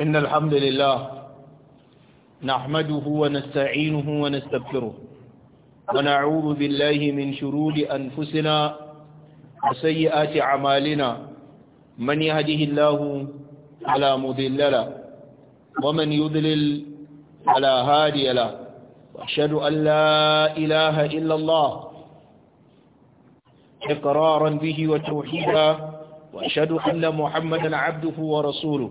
إن الحمد لله نحمده ونستعينه ونستغفره ونعوذ بالله من شرور أنفسنا وسيئات أعمالنا من يهده الله فلا مضل له ومن يضلل فلا هادي له وأشهد أن لا إله إلا الله إقرارا به وتوحيدا وأشهد أن محمدا عبده ورسوله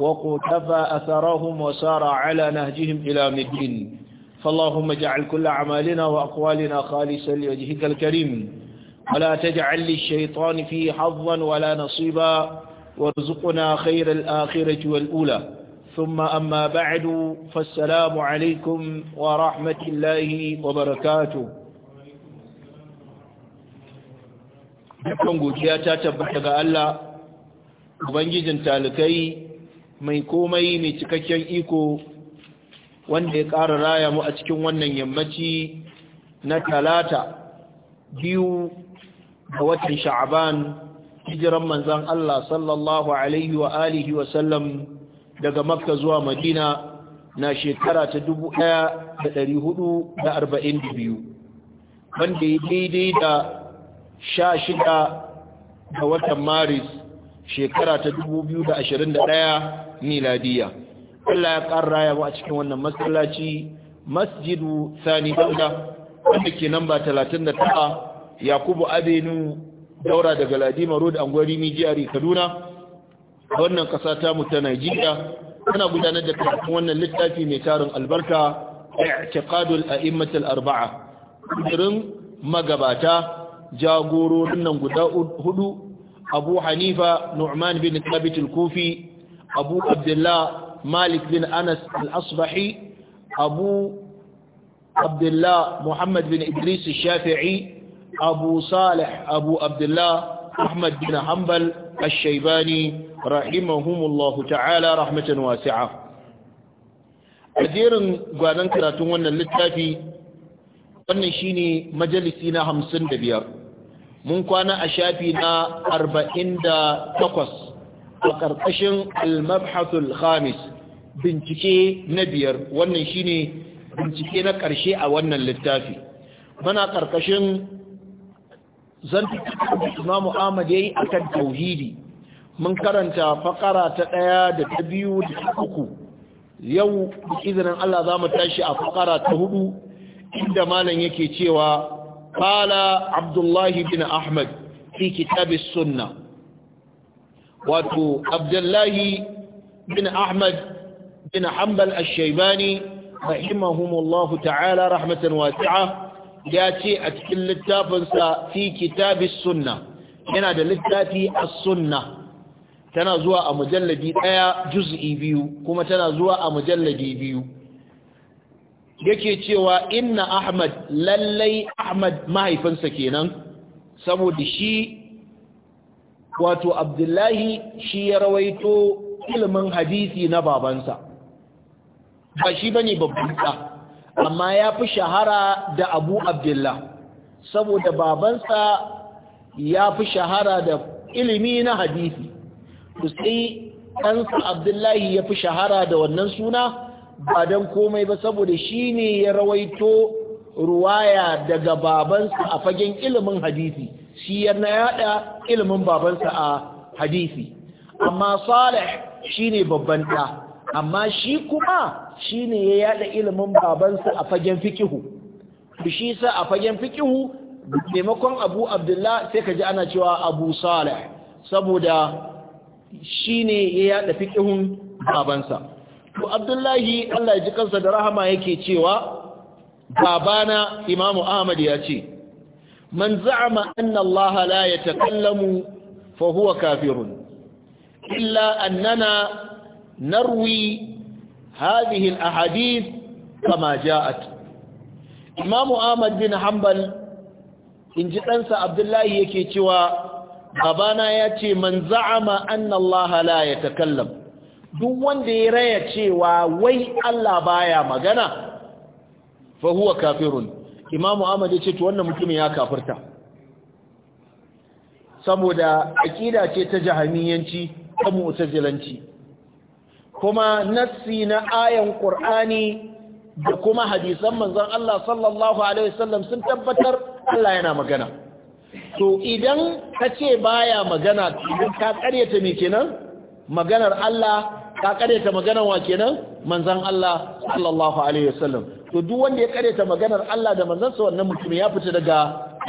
وقتفى أثرهم وسار على نهجهم إلى مدين فاللهم اجعل كل أعمالنا وأقوالنا خالصا لوجهك الكريم ولا تجعل للشيطان فيه حظا ولا نصيبا وارزقنا خير الآخرة والأولى ثم أما بعد فالسلام عليكم ورحمة الله وبركاته dukkan godiya ta tabbata ga Allah ubangijin talikai mai komai mai cikakken iko wanda ya ƙara raya mu a cikin wannan yammaci na talata biyu ga watan sha'aban hijiran manzan Allah sallallahu alaihi wa alihi wa sallam daga makka zuwa madina na shekara ta dubu ɗaya da da hudu arba'in biyu, wanda ya daidai da sha shida ga watan maris shekara ta da 2021 miladiya Allah ya ƙara ya a cikin wannan masallaci masjidu sani dauda wanda ke namba ta'a. yakubu abenu daura daga ladima road angwari mijiyari kaduna wannan ƙasa ta mu ta najeriya ana gudanar da karatun wannan littafi mai tarin albarka a a'immatul arba'a Kudurin magabata jagororin nan guda hudu أبو حنيفة نعمان بن ثابت الكوفي أبو عبد الله مالك بن أنس الأصبحي أبو عبد الله محمد بن إدريس الشافعي أبو صالح أبو عبد الله أحمد بن حنبل الشيباني رحمهم الله تعالى رحمة واسعة أديرن قادن كراتون ونالتافي wannan shine majalisi na 55 mun kwana a shafi na 48 a ƙarƙashin al-mabhasul khamis bincike na biyar wannan shine bincike na ƙarshe a wannan littafi muna ƙarƙashin zantukan imamu ahmad yayi akan tauhidi mun karanta fakara ta ɗaya da ta biyu da ta uku yau da izinin Allah za mu tashi a fakara ta hudu inda malam yake cewa قال عبد الله بن أحمد في كتاب السنة واتو عبد الله بن أحمد بن حنبل الشيباني رحمهم الله تعالى رحمة واسعة ياتي أتكل للتافنسا في كتاب السنة هنا دلتاتي السنة تنازوا مجلدي ايا جزئي بيو كما تنازوا مجلدي بيو yake cewa inna ahmad lallai ahmad mahaifinsa kenan saboda shi wato abdullahi shi ya rawaito ilimin hadisi na babansa ba shi bane babban ɗa amma ya fi shahara da abu abdullah saboda babansa ya fi shahara da ilimi na hadisi sai ɗansa abdullahi ya fi shahara da wannan suna ba don komai ba saboda shi ne ya rawaito ruwaya daga babansa a fagen ilimin hadisi shi na yada ilimin babansa a hadisi amma salih shi ne babban ɗa amma shi kuma shi ne ya yada ilimin babansa a fagen fikihu shi sa a fagen fikihu taimakon abu abdullah sai ka ji ana cewa abu salih saboda shi ne ya yada fikihun babansa to abdullahi Allah ya ji kansa da rahama yake cewa babana imamu ahmad ya ce man za'ama anna Allah la yatakallamu fa huwa kafirun illa annana narwi hadhihi al-ahadith kama ja'at imamu ahmad bin hanbal inji ɗansa abdullahi yake cewa babana ya ce man za'ama anna Allah la yatakallam duk wanda ya raya cewa wai Allah baya magana fa huwa kafirun imamu ahmad ya ce to wannan mutumin ya kafirta saboda akida ce ta jahamiyanci ta mu'tazilanci kuma nassi na ayan qur'ani da kuma hadisan manzon Allah sallallahu alaihi wasallam sun tabbatar Allah yana magana to idan kace ce baya magana idan ka karyata me kenan maganar Allah ka kareta maganar wa kenan manzon Allah sallallahu alaihi wasallam to duk wanda ya kareta maganar Allah da manzon sa wannan mutum ya fita daga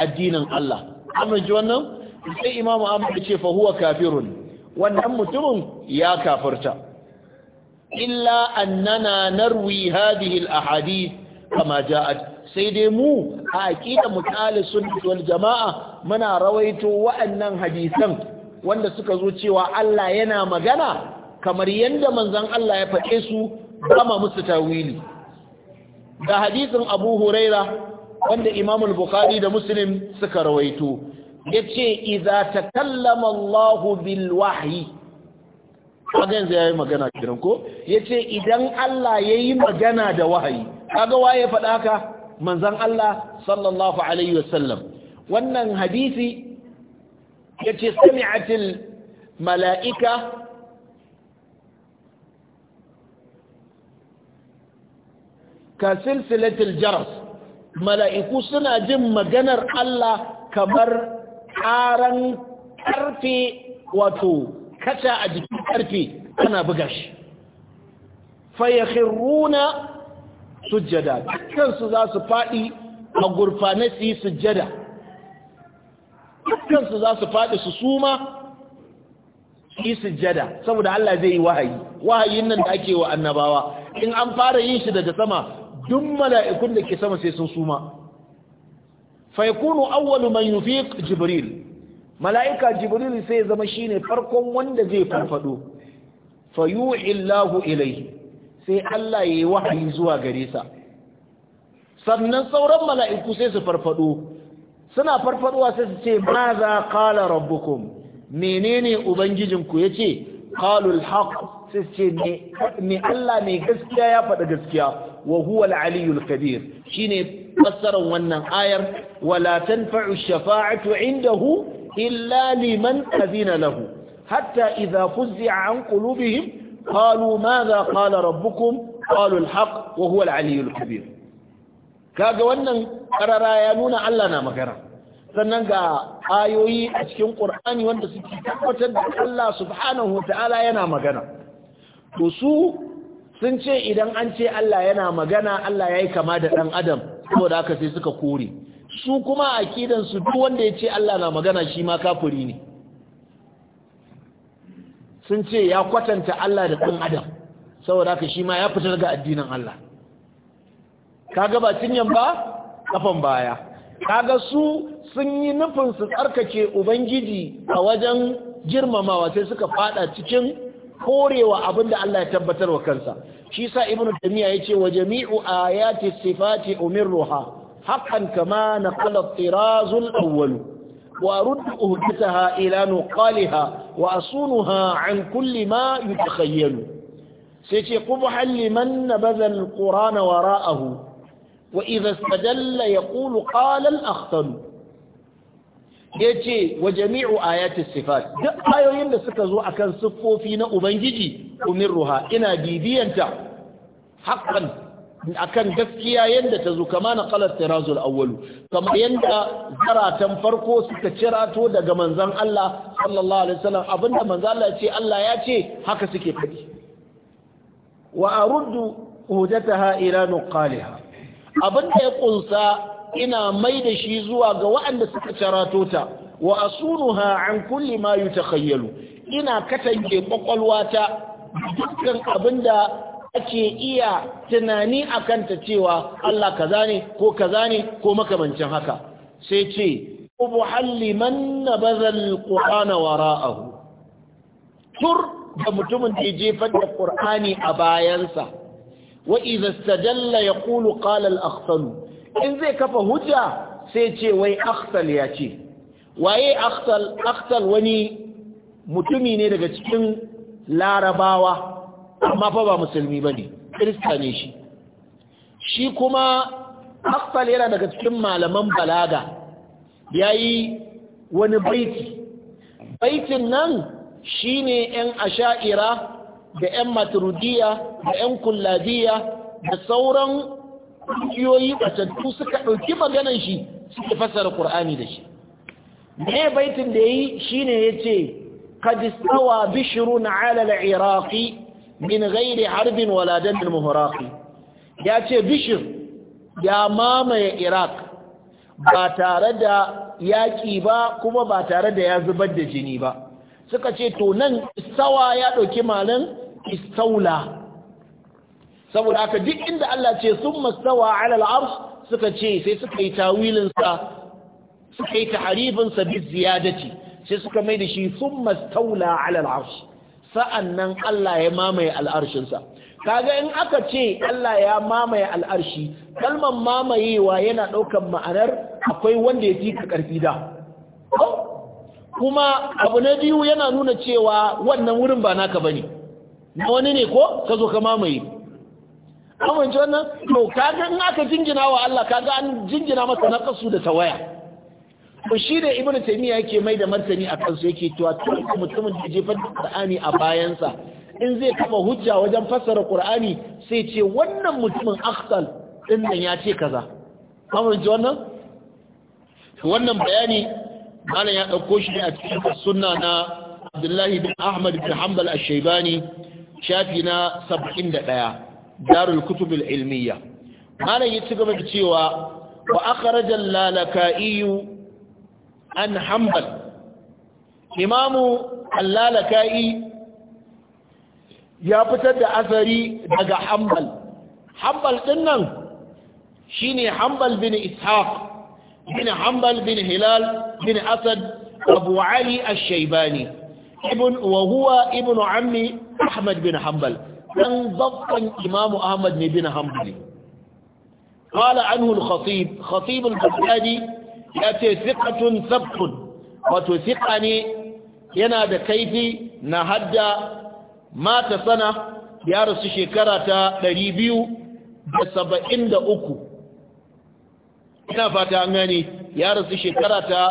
addinin Allah amma ji wannan sai imamu Ahmad ya ce fa huwa kafirun wannan mutumin ya kafirta illa annana narwi hadhihi al kama ja'at sai dai mu a aqida mutalis sunnah wal jama'a muna rawaito wa'annan hadisan wanda suka zo cewa Allah yana magana kamar yadda manzan Allah ya faɗe su ba musu tawili da hadisin abu huraira wanda imam al-bukhari da muslim suka rawaito ya ce iza ta kallama allahu bil yi magana kiran ko ya ce idan Allah ya yi magana da wahayi kaga waye faɗa ka manzan Allah sallallahu alaihi wasallam wannan hadisi ya ce sami'atil mala'ika ka silsilatul jaras mala'iku suna jin maganar Allah kamar karan karfe wato kaca a jikin karfe ana buga shi fayakhiruna sujjada dukkansu za su faɗi a gurfane su yi sujjada dukkansu za su fadi su suma su yi sujjada saboda Allah zai yi wahayi wahayin nan da ake wa annabawa in an fara yin shi daga sama duk mala'ikun da ke sama sai sun suma fa yakunu awwalu man yufiq jibril mala'ika jibril sai zama shine farkon wanda zai farfado fa yu'i Allahu sai Allah yayi wahayi zuwa gare sa sannan sauran mala'iku sai su farfado suna farfadowa sai su ce maza qala rabbukum menene ubangijinku ce? qalul haqq sai ce mai Allah mai gaskiya ya faɗa gaskiya wa huwa al-aliyul kabir shine fassarar wannan ayar wala tanfa'u shafa'atu indahu illa liman azina lahu hatta idza fuzza an qulubihim qalu madha qala rabbukum qalu al-haq wa huwa al-aliyul kabir kaga wannan karara ya nuna Allah na magana sannan ga ayoyi a cikin Qur'ani wanda suke tabbatar da Allah subhanahu wa ta'ala yana magana to su sun ce idan an ce Allah yana magana Allah ya yi kama da ɗan adam saboda haka sai suka kore su kuma a kidansu duk wanda ya ce Allah na magana shi ma kafuri ne sun ce ya kwatanta Allah da ɗan adam saboda haka shi ma ya fitar ga addinin Allah kaga ba cinyan ba kafan baya kaga su sun yi nufin su tsarkake ubangiji a wajen girmamawa sai suka fada cikin korewa abin da Allah ya tabbatar wa kansa shi sa ibnu tamiya ce wa jami'u ayati sifati umirruha haqqan kama naqala tiraz al-awwal wa rudd uhdataha ila nuqaliha wa asunuha an kulli ma yutakhayyalu sai ce qubhan liman nabadha al-qur'ana wara'ahu wa idha istadalla yaqulu qala al-akhtar ya ce wa jami'u ayatis sifat duk ayoyin da suka zo akan siffofi na ubangiji ruha ina bibiyanta haqqan akan gaskiya yanda ta zo kama na qalat tirazul awwal kama yanda zaratan farko suka cirato daga manzon Allah sallallahu alaihi wasallam abinda manzon Allah ya ce Allah ya haka suke fadi wa aruddu hudataha ila nuqaliha abinda ya kunsa ina mai da shi zuwa ga waɗanda suka carato ta wa asunuha an kulli ma yutakhayyalu ina katange kwakwalwata dukkan abinda ake iya tunani akan ta cewa Allah kaza ne ko kaza ne ko makamancin haka sai ce ubuhalli man nabadha alqur'ana wara'ahu tur da mutumin da jefar da qur'ani a bayansa wa idza istajalla yaqulu qala al-akhsalu in zai kafa hujja sai ce wai akhtal ya ce waye akhtal akhtal wani mutumi ne daga cikin larabawa amma fa ba musulmi ba ne kirista ne shi shi kuma akhtal yana daga cikin malaman balaga ya yi wani baiti baitin nan shi ne yan asha'ira da yan maturudiya da yan kulladiya da sauran kungiyoyi batattu suka ɗauki maganar shi suke fasara ƙur'ani da shi me baitin da yi shine yace qad istawa bishrun ala al-iraqi min ghairi harbin wala damin muhraqi yace bishr ya mamaye iraq ba tare da yaki ba kuma ba tare da ya zubar da jini ba suka ce to nan istawa ya dauki malan istaula saboda haka duk inda Allah ce sun mastawa alal arsh suka ce sai suka yi tawilinsa suka yi taharifinsa bi ziyadati sai suka mai da shi sun mastaula alal arsh sa'annan Allah ya mamaye al'arshinsa kaga in aka ce Allah ya mamaye al'arshi kalmar mamayewa yana ɗaukar ma'anar akwai wanda ya fi ka ƙarfi da kuma abu na biyu yana nuna cewa wannan wurin ba naka bane na wani ne ko ka zo ka mamaye amince wannan to kaga in aka jingina wa Allah kaga an jingina masa naqasu da tawaya to shi da ibn taymiya yake mai da martani a kansu yake cewa tun mutumin da jefar da qur'ani a bayansa in zai kafa hujja wajen fassara qur'ani sai ce wannan mutumin akhtal din nan ya ce kaza wannan wannan bayani malam ya dauko shi a cikin sunna na Abdullahi bin Ahmad bin Hanbal ash-Shaybani shafi na 71 darul kutub ilmiya malam ya ci gaba da cewa wa akhraja lalaka'i an hanbal imamu lalaka'i ya fitar da asari daga hanbal hanbal din nan shine hanbal bin ishaq bin hanbal bin hilal bin asad abu ali ash-shaybani ibn wa huwa ibn ammi ahmad bin hanbal dan babban imamu ahmad ne bin hanbali kala anhu al-khatib khatib khatib al ya ce thiqatun thabtun wato thiqa ne yana da kaifi na hadda mata sana ya rasu shekara ta 273 ina fata an gane ya rasu shekara ta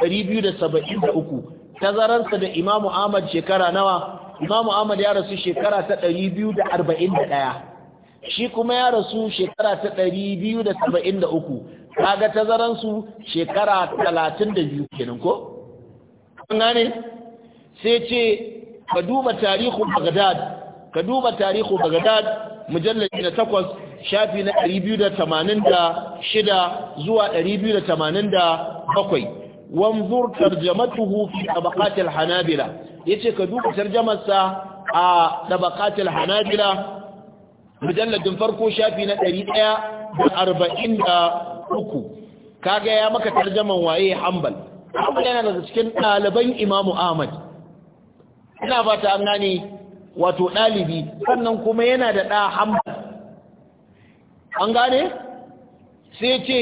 273 tazaransa da imamu ahmad shekara nawa imamu ahmad ya rasu shekara ta 241 shi kuma ya rasu shekara ta 273 kaga tazaran su shekara 32 kenan ko kun gane sai ce ka duba tarihu bagdad ka duba tarihu bagdad mujallali na takwas, shafi na 286 zuwa 287 wanzur tarjamatuhu fi tabaqat al-hanabila Ya ce ka duba tarjamarsa a tabaqatul hanabila mujalladin farko shafi na 143 kaga ya maka tarjaman waye hanbal hanbal yana daga cikin ɗaliban imamu ahmad ina fata an gane wato ɗalibi sannan kuma yana da ɗa hanbal an gane sai ce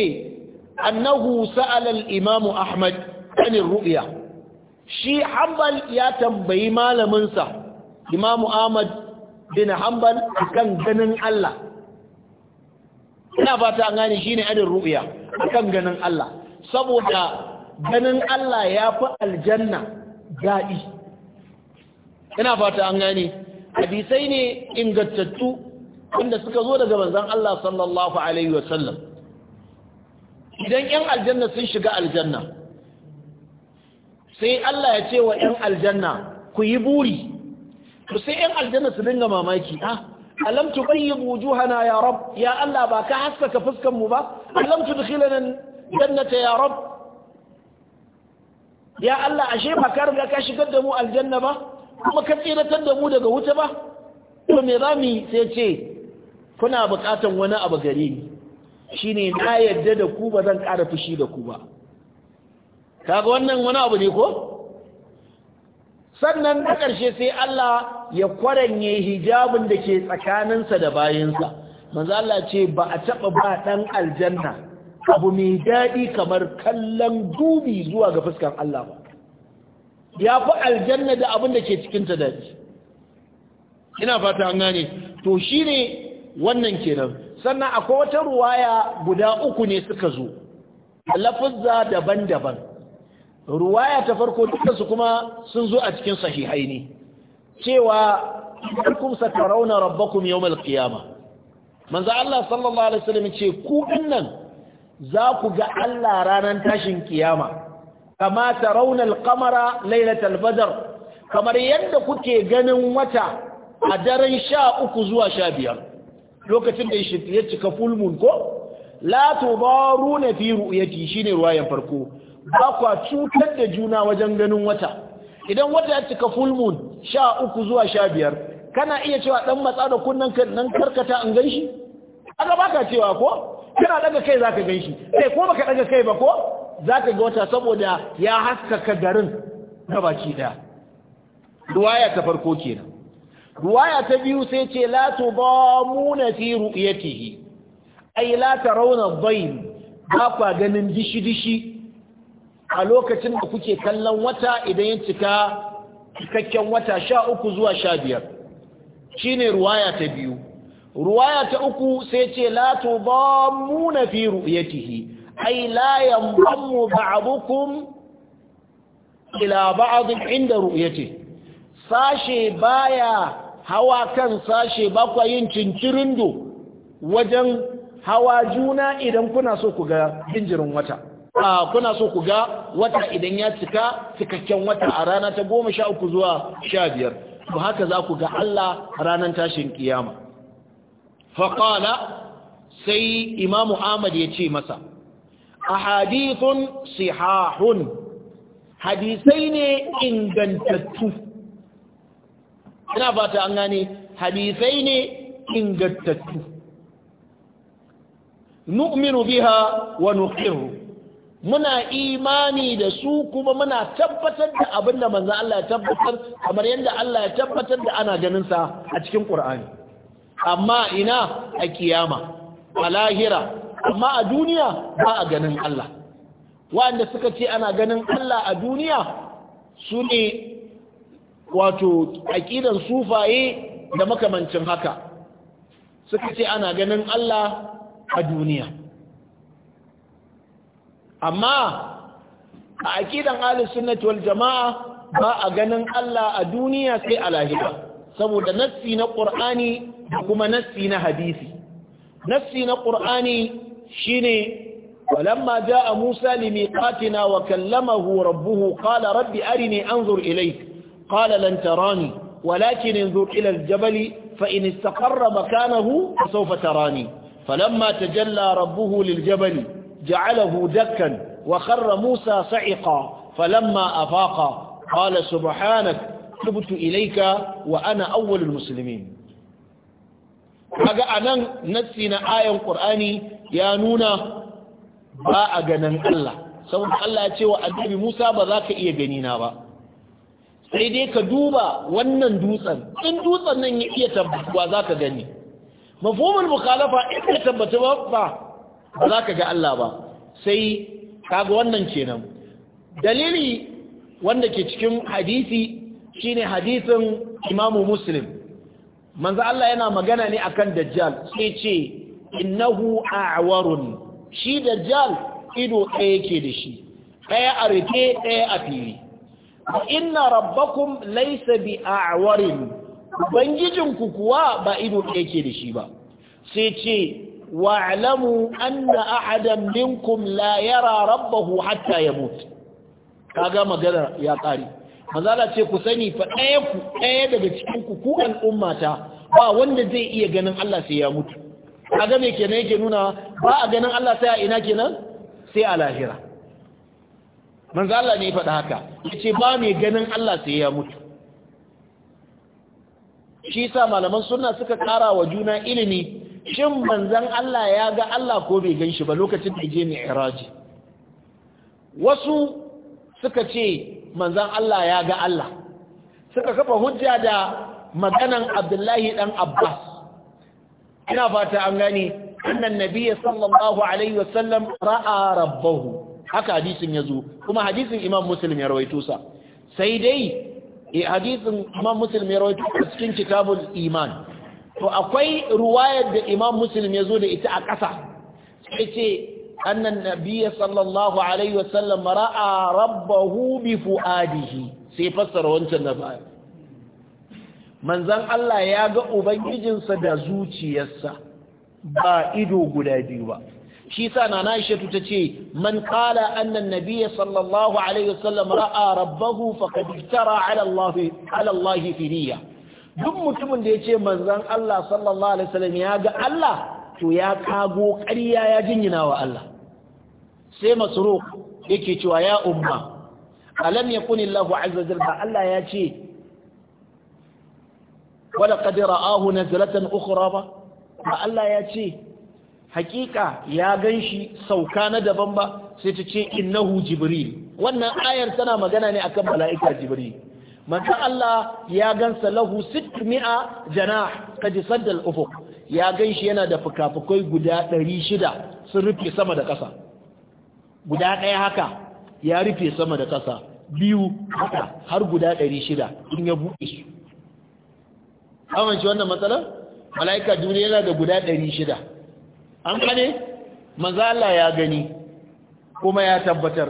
annahu sa'alal imamu ahmad anin ru'ya shi hanbal ya tambayi malaminsa imamu ahmad bin hanbal kan ganin Allah ina fata an gane shine adin a kan ganin Allah saboda ganin Allah ya fi aljanna daɗi ina fata an gane hadisai ne ingantattu wanda suka zo daga manzon Allah sallallahu alaihi wasallam idan 'yan aljanna sun shiga aljanna sai Allah ya ce wa ‘yan aljanna ku yi buri to sai ‘yan aljanna su dinga mamaki ha ah, alam tu bayyi wujuhana ya rab ya Allah ba ka haskaka fuskan mu ba alam tu dukhilana jannata ya rab ya Allah ashe ba ka riga ka shigar da mu aljanna ba kuma ka tsiratar da mu daga wuta ba to me za mu sai ce kuna buƙatan wani abu gare ni ne na yadda da ku ba zan ƙara fushi da ku ba kaga wannan wani abu ne ko sannan na ƙarshe sai Allah ya kwaranye hijabin da ke tsakaninsa da bayansa manzo Allah ce ba a taɓa ba ɗan aljanna abu mai daɗi kamar kallon dubi zuwa ga fuskar Allah ba ya fi aljanna da abin da ke cikinta shi. ina fata an gane to shi wannan kenan sannan akwai wata ruwaya guda uku ne suka zo lafuzza daban-daban ruwaya ta farko dukansu kuma sun zo a cikin ne cewa kum satarawna rabbakum yawmal qiyama manzo Allah sallallahu alaihi wasallam ce ku dinnan za ku ga Allah ranar tashin kiyama kama raunar al-qamara laylatal badr kamar yadda kuke ganin wata a daren sha uku zuwa sha biyar lokacin da ya cika full moon ko la tubaruna fi ru'yati shine ruwayan farko ba kwa cutar da juna wajen ganin wata idan wata ya cika full moon sha uku zuwa sha biyar kana iya cewa dan matsa da kunnen ka nan karkata an ganshi aka baka cewa ko kana daga kai zaka ganshi sai ko baka daga kai ba ko zaka ga wata saboda ya haskaka garin na baki daya ruwaya ta farko kenan ruwaya ta biyu sai ce la tudamuna fi ru'yatihi ay la tarawna dhayn ba kwa ganin dishi dishi a lokacin da kuke kallon wata idan ya cika cikakken wata sha uku zuwa sha biyar shi ne ruwaya ta biyu ruwaya ta uku sai ce "Lato ba mu na fi ru'yatihi ai ba yambanmu ba'abukum ila ba'adin inda ru'yati sashe baya hawa kan sashe bakwa yin cincirindo wajen hawa juna idan kuna so ku ga jinjirin wata A kuna so ku ga wata idan ya cika cikakken wata a rana ta goma sha uku zuwa sha biyar ba haka za ku ga Allah ranar tashin kiyama faƙala sai imamu ahmad ya ce masa a hadithun sihahun hadisai ne ingantattu ina fata an gane hadisai ne ingantattu nu'minu biha wa nuqiru muna imani da su kuma muna tabbatar da abin da manzo Allah ya tabbatar kamar yadda Allah ya tabbatar da ana ganinsa a cikin Qur'ani amma ina a kiyama a lahira amma a duniya ba a ganin Allah wanda suka ce ana ganin Allah a duniya su ne wato aqidan sufaye da makamancin haka suka ce ana ganin Allah a duniya amma a aƙidan ahlus sunnati wal jamaa ba a ganin Allah a duniya sai a lahira saboda nassi na ƙur'ani da kuma nassi na hadisi nassi na qur'ani shine walamma a musa katina wa kallamahu rabbuhu qala rabbi arini anzur ilayk qala lan tarani walakin انظر الى الجبل فان استقر مكانه فسوف تراني فلما تجلى Lil Jabali. جعله دكا وخر موسى صعقا فلما أفاق قال سبحانك ilaika wa ana أول المسلمين kaga anan nassi na ayan qur'ani ya nuna ba a ganin Allah saboda Allah ya ce wa Musa ba za ka iya gani ba sai dai ka duba wannan dutsen in dutsen nan ya iya tabbatuwa za ka gani mafhumul mukhalafa in ya tabbata ba ba za ka ga Allah ba sai ga wannan kenan dalili wanda ke cikin hadisi shine hadisin imamu muslim manzo Allah yana magana ne akan dajjal sai ce innahu a'warun shi dajjal ido ɗaya ke da shi ɗaya a rike ɗaya a fili inna rabbakum laysa bi a'warin bangijinku kuwa ba ido ɗaya yake da shi ba sai ce wa'lamu anna ahadan minkum la yara rabbahu hatta yamut kaga magana ya kare manzala ce ku sani fa ɗaya ku ɗaya daga cikin ku ku ummata ba wanda zai iya ganin Allah sai ya mutu kaga me kenan yake nuna ba a ganin Allah sai a ina kenan sai a lahira manzala ne faɗa haka yace ba mai ganin Allah sai ya mutu shi sa malaman sunna suka ƙara wa juna ilimi shin manzan Allah ya ga Allah ko bai gan shi ba lokacin da je mi'raji wasu suka ce manzan Allah ya ga Allah suka kafa hujja da maganan Abdullahi ɗan Abbas ina fata an gani annan nabiyyi sallallahu alaihi wasallam ra'a rabbahu haka hadisin yazo kuma hadisin Imam Muslim ya rawaito sa sai dai eh, hadisin Imam Muslim ya rawaito cikin kitabul iman to akwai ruwayar da imam muslim ya zo da ita a ƙasa sai ce annan nabiya sallallahu alaihi wasallam ra'a rabbahu bi fu'adihi sai fassara wancan na baya manzan Allah ya ga ubangijinsa da zuciyarsa ba ido guda biyu ba shi sa na Aishatu ta ce man qala Annan an-nabiy sallallahu alaihi wasallam ra'a rabbahu faqad iftara ala Allah ala Allah firiya duk mutumin da ya ce manzan Allah sallallahu alaihi wasallam ya ga Allah to ya kago ƙarya ya jinyina wa Allah sai masruq yake cewa ya umma alam ya kuni azza wa Allah ya ce wala qad na nazlatan ukhra ba Allah ya ce hakika ya ganshi sauka na daban ba sai ta ce innahu jibril wannan ayar tana magana ne akan mala'ika jibril manzo Allah ya gansa lahu 600 janah kaji saddal ufuq ya ganshi yana da fukafukai guda 600 sun rufe sama da ƙasa guda ɗaya haka ya rufe sama da ƙasa biyu haka har guda 600 in ya buɗe shi amince wannan matsalar malaika duniya yana da guda 600 an kane manzo Allah ya gani kuma ya tabbatar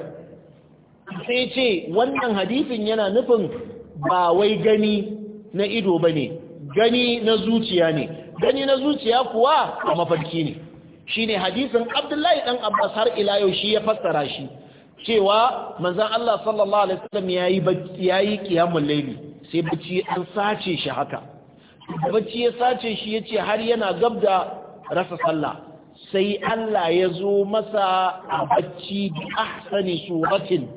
sai ce wannan hadisin yana nufin ba wai gani na ido ba ne gani na zuciya ne gani na zuciya kuwa a mafarki ne shi ne hadisin abdullahi ɗan abbas har ila yau shi ya fassara shi cewa manzan Allah sallallahu Alaihi wasallam ya yi kiyamun laili sai bacci an sace shi haka bacci ya sace shi ya ce har yana gab da rasa sallah sai Allah ya zo masa a bacci da ahsani suratin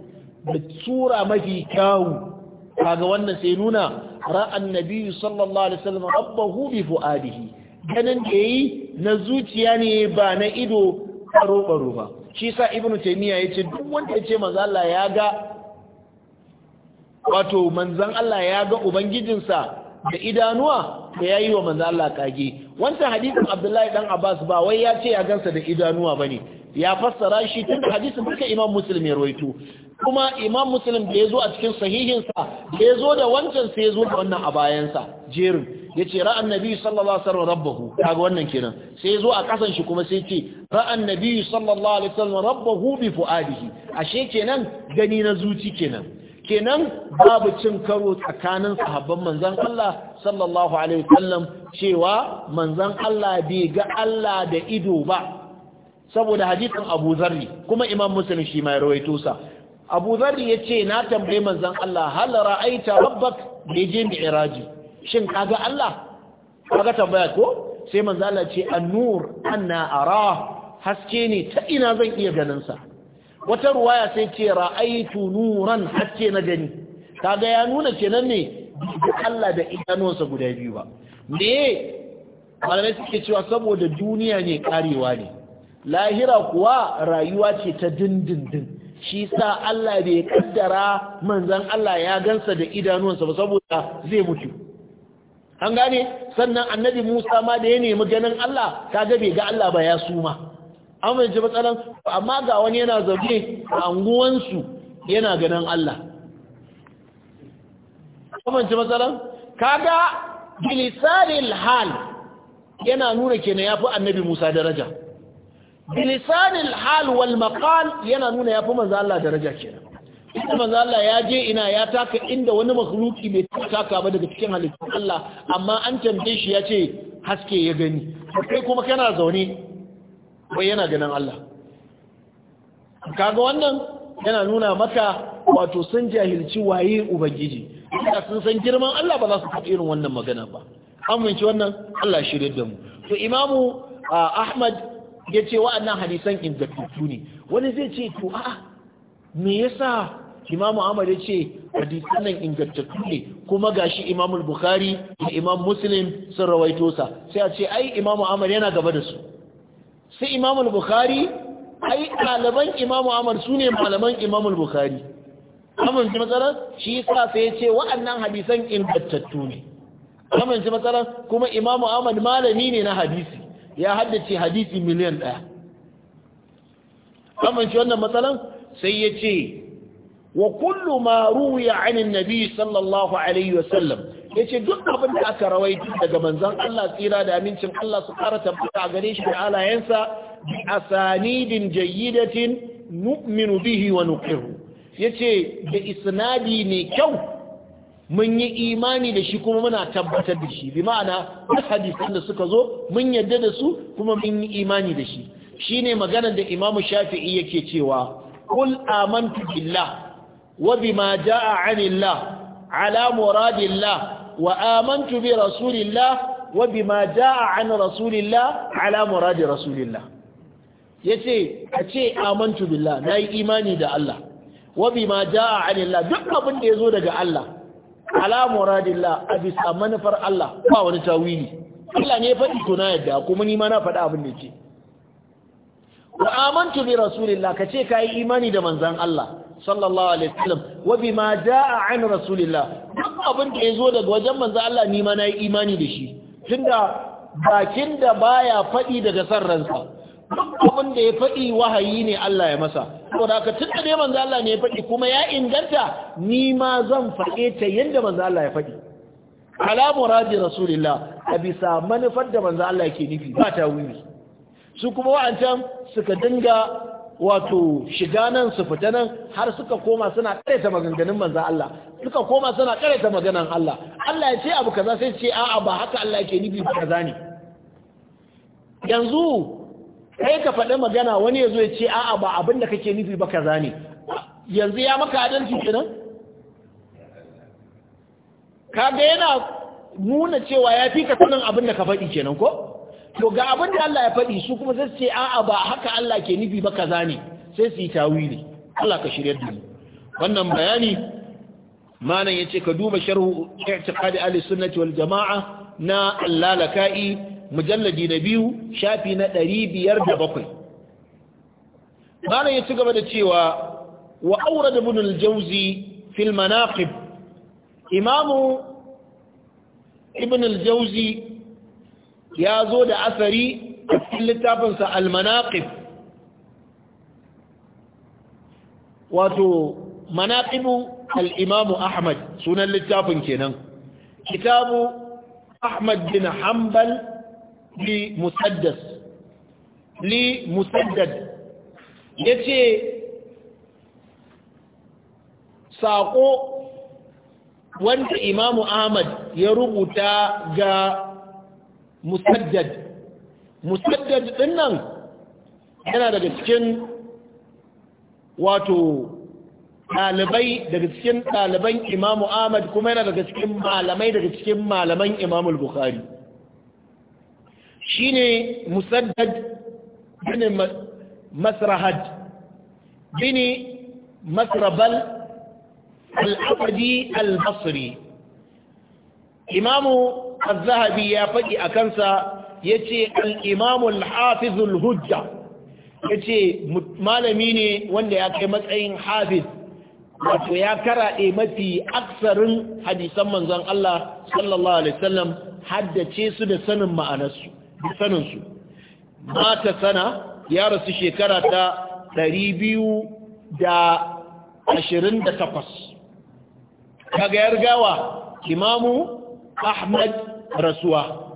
da tsura mafi kyawu kaga wannan sai nuna ra'an nabiyyu sallallahu alaihi wasallam rabbahu bi fuadihi ganin da yayi na zuciya ne ba na ido karo karo ba shi sa ibnu taymiya yace duk wanda yace manzo Allah ya ga wato manzon Allah ya ga ubangijinsa da idanuwa da yayi wa manzo Allah kage wannan hadisin Abdullahi dan Abbas ba wai ya ce ya gansa da idanuwa bane ya fassara shi tun da hadisin duka imam muslim ya rawaito kuma imam muslim da ya zo a cikin sahihinsa da ya zo da wancan sai ya zo da wannan a bayansa jerin ya ce ra'an nabi sallallahu alaihi wasallam rabbahu kaga wannan kenan sai ya zo a kasan shi kuma sai ce ra'an nabi sallallahu alaihi wasallam rabbahu bi fuadihi ashe kenan gani na zuci kenan kenan babu cin karo tsakanin sahabban manzon Allah sallallahu alaihi wasallam cewa manzon Allah bai ga Allah da ido ba saboda hadisin Abu Zarri kuma Imam Muslim shi ma ya rawaito sa Abu Zarri yace na tambaye manzon Allah hal ra'aita rabbak bi jami'iraji shin kaga Allah kaga tambaya ko sai manzon Allah ce an anna ara haske ne ta ina zan iya ganin sa wata ruwaya sai ce ra'aitu nuran haske na gani kaga ya nuna kenan ne Allah da idanuwansa guda biyu ba me malamai suke cewa saboda duniya ne karewa ne lahira kuwa rayuwa ce ta dindindin shi sa Allah bai kaddara manzan Allah ya gansa da idanuwansa ba saboda zai mutu an gane sannan annabi Musa ma da ya nemi ganin Allah kaga bai ga Allah ba ya suma an fahimci matsalan amma ga wani yana zaune a anguwansu yana ganin Allah an fahimci matsalan kaga bilisalil hal yana nuna kenan yafi annabi Musa daraja bilisanil hal wal maqal yana nuna yafi manzo Allah daraja kenan inda manzo Allah ya je ina ya taka inda wani makhluki bai taka ba daga cikin halittun Allah amma an tambaye shi ya ce haske ya gani kai kuma kana zaune bai yana ganin Allah kaga wannan yana nuna maka wato sun jahilci waye ubangiji inda sun san girman Allah ba za su faɗi irin wannan magana ba amince wannan Allah shirye da mu to imamu ah, Ahmad ya ce wa'annan hadisan ingantattu ne wani zai ce to a'a me yasa imam Ahmad ya ce hadisan nan ingantattu ne kuma gashi imam Bukhari da imam Muslim sun rawaito sa sai a ce ai imam Ahmad yana gaba da su sai imam Bukhari ai ɗaliban imam Ahmad su ne malaman imam Bukhari amince matsalar shi yasa sai ya ce wa'annan hadisan ingantattu ne amince matsalar kuma imam Ahmad malami ne na hadisi ya haddace hadisi miliyan ɗaya amince wannan matsalan sai ya ce wa kullu ma ruwiya anin nabi sallallahu alaihi wasallam ya ce duk abin da aka duk daga manzon Allah tsira da amincin Allah su ƙara tabbata a gare shi da alayensa bi asanidin jayyidatin nu'minu bihi wa nuqiru yace da isnadi ne kyau mun yi imani da shi kuma muna tabbatar da shi bi ma'ana duk hadisan da suka zo mun yadda da su kuma mun yi imani da shi shine maganar da Imam Shafi'i yake cewa kul amantu billah wa bima jaa 'anillah ala muradillah wa amantu bi rasulillah wa bima jaa 'an rasulillah ala rasulillah yace a ce amantu billah nayi imani da Allah wa bima jaa 'anillah duk abin da yazo daga Allah ala muradillah a bisa manufar Allah ba wani tawili Allah ne ya faɗi to na yadda kuma ni ma na faɗa abin da ce wa amantu bi rasulillah ka ce kai imani da manzan Allah sallallahu alaihi wasallam wa bima jaa an rasulillah duk abin da yazo daga wajen manzan Allah ni na yi imani da shi tunda bakin da baya faɗi daga san ransa duk abin da ya faɗi wahayi ne Allah ya masa saboda ka tunda da manzo Allah ne ya faɗi kuma ya inganta ni ma zan faɗe ta yanda manzo Allah ya faɗi ala muradi rasulillah a bisa manufar da manzo Allah yake nufi ba ta wuri su kuma wa'ancan suka dinga wato shiga nan su fita nan har suka koma suna ta maganganun manzo Allah suka koma suna ta maganan Allah Allah ya ce abu kaza sai ce a'a ba haka Allah yake nufi ba kaza ne yanzu kai ka faɗi magana wani ya zo ya ce a'a ba abin da kake nufi ba kaza ne yanzu ya maka adalci kenan kaga yana nuna cewa ya fi ka sanin abin da ka faɗi kenan ko to ga abin da Allah ya faɗi su kuma sai ce a'a ba haka Allah ke nufi ba kaza ne sai su yi tawili Allah ka shirya da mu wannan bayani malam yace ka duba sharhu i'tiqadi ahli sunnati wal jamaa na al-lalaka'i mujalladi na biyu shafi na ɗari biyar da bakwai malam ya ci gaba da cewa wa aure da bunul jauzi fil manaqib imamu ibn jauzi ya zo da asari a cikin littafinsa al-manaqib wato manaqibu al-imamu ahmad sunan littafin kenan kitabu ahmad bin hanbal li musaddas li musaddad yace sako wanda Imam ahmad ya rubuta ga musaddad musaddad nan yana daga cikin wato ɗalibai daga cikin ɗaliban Imam ahmad kuma yana daga cikin malamai daga cikin malaman imamul bukhari shine musaddad bin masrahad bin masrabal al-abadi al-basri imamu al zahabi ya faɗi a kansa yace al-imamu al-hafiz al-hujja yace malami ne wanda ya kai matsayin hafiz wato ya karaɗe mafi aksarin hadisan manzon Allah sallallahu alaihi wasallam haddace su da sanin ma'anarsu saninsu mata sana ya rasu shekara ta 228 kaga yargawa imamu ahmad rasuwa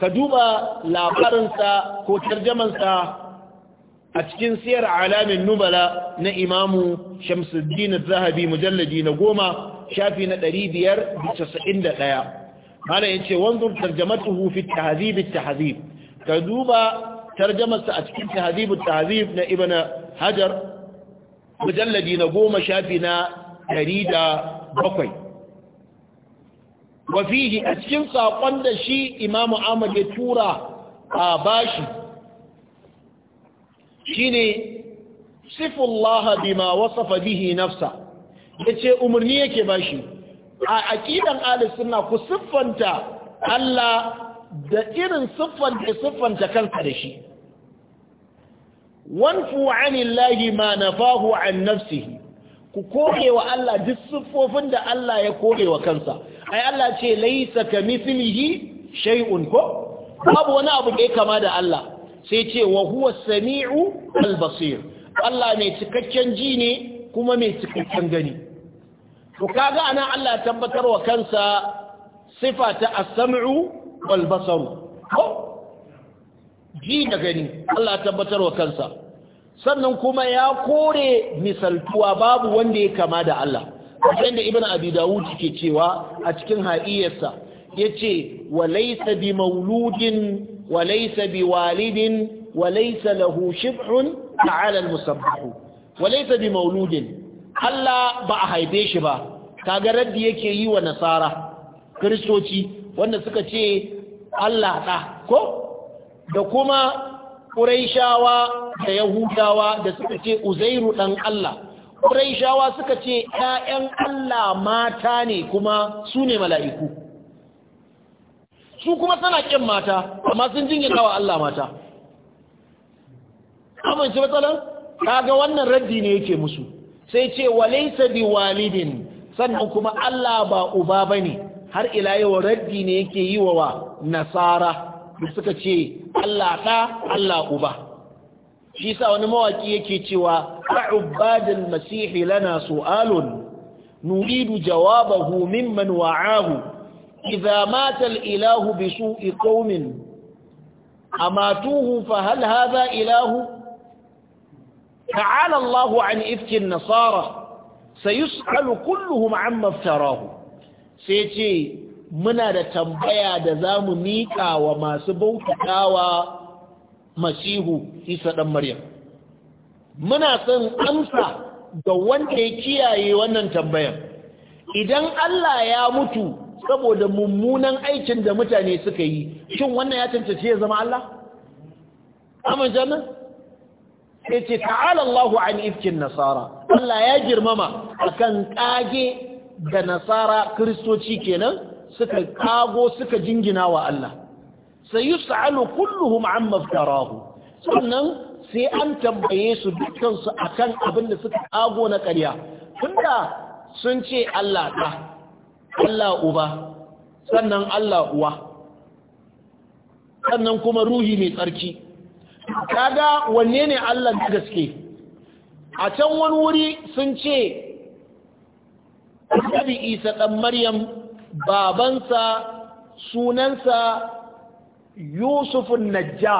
ka duba labarinsa ko tarjamansa a cikin siyar alamin nubala na imamu shamsuddin zahabi mujallaji na goma shafi na 591 malam yace wanzur tarjamatuhu fi at-tahzib at-tahzib ka duba tarjamarsa a cikin tahzib at-tahzib na ibn hajar mujalladi na goma shafi na 107 wa fihi a cikin sakon da shi imamu ahmad ya tura a bashi shine sifullaha bima wasafa bihi nafsa yace umarni yake bashi a aqidan Ali sunna ku siffanta Allah da irin siffan da siffanta kanka da shi wanfu anillahi ma nafahu an nafsi, ku wa Allah duk siffofin da Allah ya wa kansa ai Allah ce laisa kamithlihi shay'un ko babu wani abu da kama da Allah sai ce wa huwa samiu al-basir Allah mai cikakken ji ne kuma mai cikakken gani to kaga ana Allah tabbatar wa kansa sifa ta as-sam'u wal basaru ko ji da gani Allah tabbatar wa kansa sannan kuma ya kore misaltuwa babu wanda ya kama da Allah kamar da ibn abi dawud ke cewa a cikin haiyarsa yace wa laysa bi mauludin wa laysa bi walidin wa laysa lahu shib'un ta'ala al-musabbahu wa laysa bi mauludin Allah ba a haife shi ba ga raddi yake yi wa nasara kiristoci. wanda suka ce Allah ɗa ko da kuma ƙuraishawa da yahudawa da suka ce uzairu ɗan Allah ƙuraishawa suka ce ‘ya'yan Allah mata ne kuma su ne mala'iku su kuma suna ƙin mata amma sun jingina wa Allah mata amince matsalan? ta ga wannan raddi ne yake musu sai ce bi walidin sannan kuma Allah ba uba bane har ila yau raddi ne yake yi wa nasara duk suka ce Allah ta Allah uba shi sa wani mawaki yake cewa ra'ubadul masihi lana su'alun nuridu jawabahu mimman wa'ahu idza mata al-ilahu bi su'i qaumin amatuhu fa hal hadha ilahu ta'ala Allahu an ifkin nasara sayus'alu kulluhum amma iftarahu sai ce muna da tambaya da za mu miƙa wa masu bautatawa masihu isa ɗan maryam muna son amsa ga wanda ya kiyaye wannan tambayar idan Allah ya mutu saboda mummunan aikin da mutane suka yi shin wannan ya cancanci ya zama Allah? amince nan sai ce ta'ala Allahu an ifkin nasara Allah ya girmama akan kage da nasara kristoci kenan suka kago suka jingina wa Allah sai yus'alu kulluhum amma iftarahu sannan sai an tambaye su dukkan su akan abin da suka kago na ƙarya tunda sun ce Allah da Allah uba sannan Allah uwa sannan kuma ruhi mai tsarki Kada wanne ne Allah da gaske a can wani wuri sun ce Nabi Isa ɗan Maryam babansa sunansa Yusufun Najja,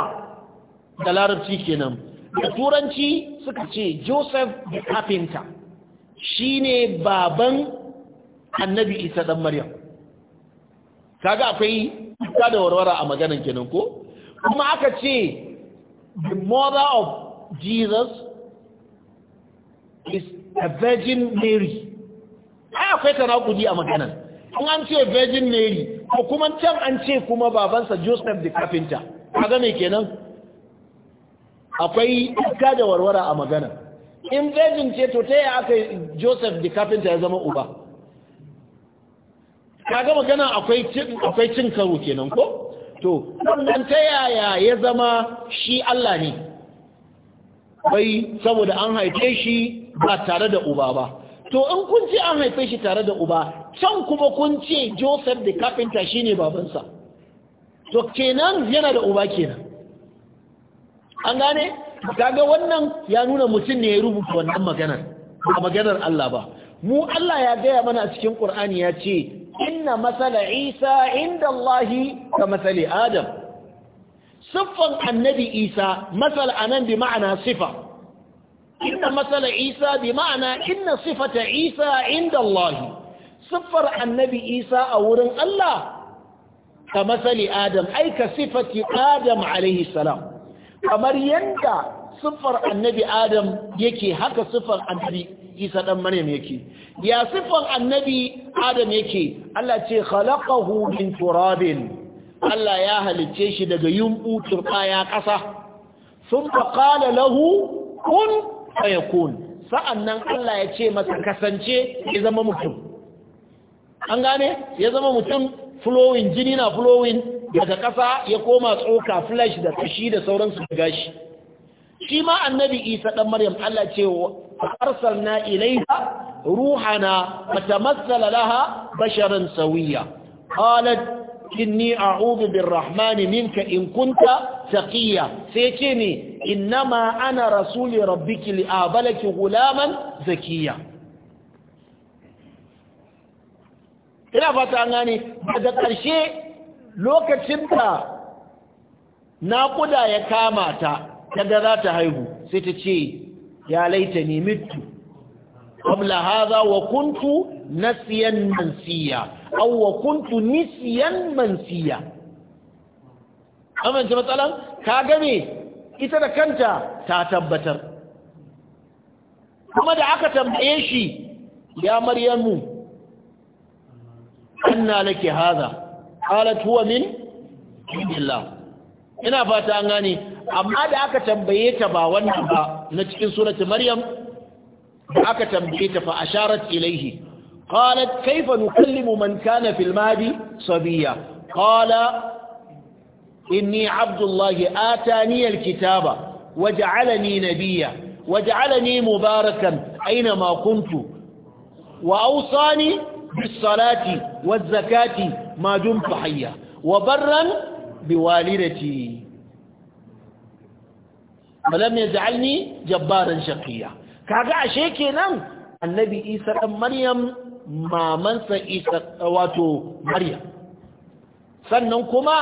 da larabci kenan da turanci suka ce Joseph the Carpenter ne baban Annabi Isa ɗan Maryam kaga akwai ta da warwara a maganan kenan ko kuma aka ce the mother of Jesus is a virgin Mary ai akwai tanakudi a maganar in an ce virgin Mary ko kuma can an ce kuma babansa Joseph the carpenter kaga me kenan akwai iska da warwara a maganar in virgin ce to ta yi aka Joseph the carpenter ya zama uba kaga magana akwai cin karo kenan ko to wannan ta yaya ya zama shi Allah ne bai saboda an haife shi ba tare da uba ba to in kun ce an haife shi tare da uba can kuma kun ce Joseph the carpenter ne babansa to kenan yana da uba kenan an gane kaga wannan ya nuna mutum ne ya rubuta wannan maganar ba maganar Allah ba mu Allah ya gaya mana a cikin ƙur'ani ya ce inna masala isa inda Allahi ka matsali adam siffan annabi isa matsala anan bi ma'ana sifa inna masala isa bi ma'ana inna sifata isa inda Allahi siffar annabi isa a wurin Allah ka matsali adam aika sifati adam alaihi salam kamar yadda siffar annabi adam yake haka siffar annabi isa dan maryam yake ya sifan annabi adam yake Allah ce khalaqahu min turabin Allah ya halicce shi daga yumbu ƙasa ƙasa. Sun qala lahu kun fayakun sa'annan Allah ya ce masa kasance ya zama mutum an gane ya zama mutum flowing jini na flowing daga ƙasa ya koma tsoka flash da kashi da sauransu da gashi shi ma annabi isa dan maryam Allah ce na ilaiha ruhana fatamassala laha basharan sawiya qalat inni a'udhu birrahmani minka in kunta taqiya sai ce ni innama ana rasuli rabbiki li'abalaki gulaman zakiya ina fata an gane daga ƙarshe lokacin da naƙuda ya kama ta Taga za ta haihu sai ta ce ya laita ne mitu qabla haza wa kuntu nasiyan mansiya au wa kuntu nisiyan mansiya amince matsalan ka ga ita da kanta ta tabbatar kuma da aka tambaye shi ya maryamu anna laki hadha qalat huwa min indillah ina fata an gane amma da aka tambaye ta ba wannan ba na cikin surati maryam aka tambaye ta fa asharat ilaihi qalat kayfa nukallimu man kana fil madi sabiya qala inni abdullahi atani alkitaba waj'alani nabiyya waj'alani mubarakan aina ma kuntu wa awsani bis-salati waz-zakati ma dumtu hayya wa barran biwalidati malam yaj'alni jabbaran shaqiya kaga ashe kenan annabi Isa dan Maryam mamansa Isa wato Maryam sannan kuma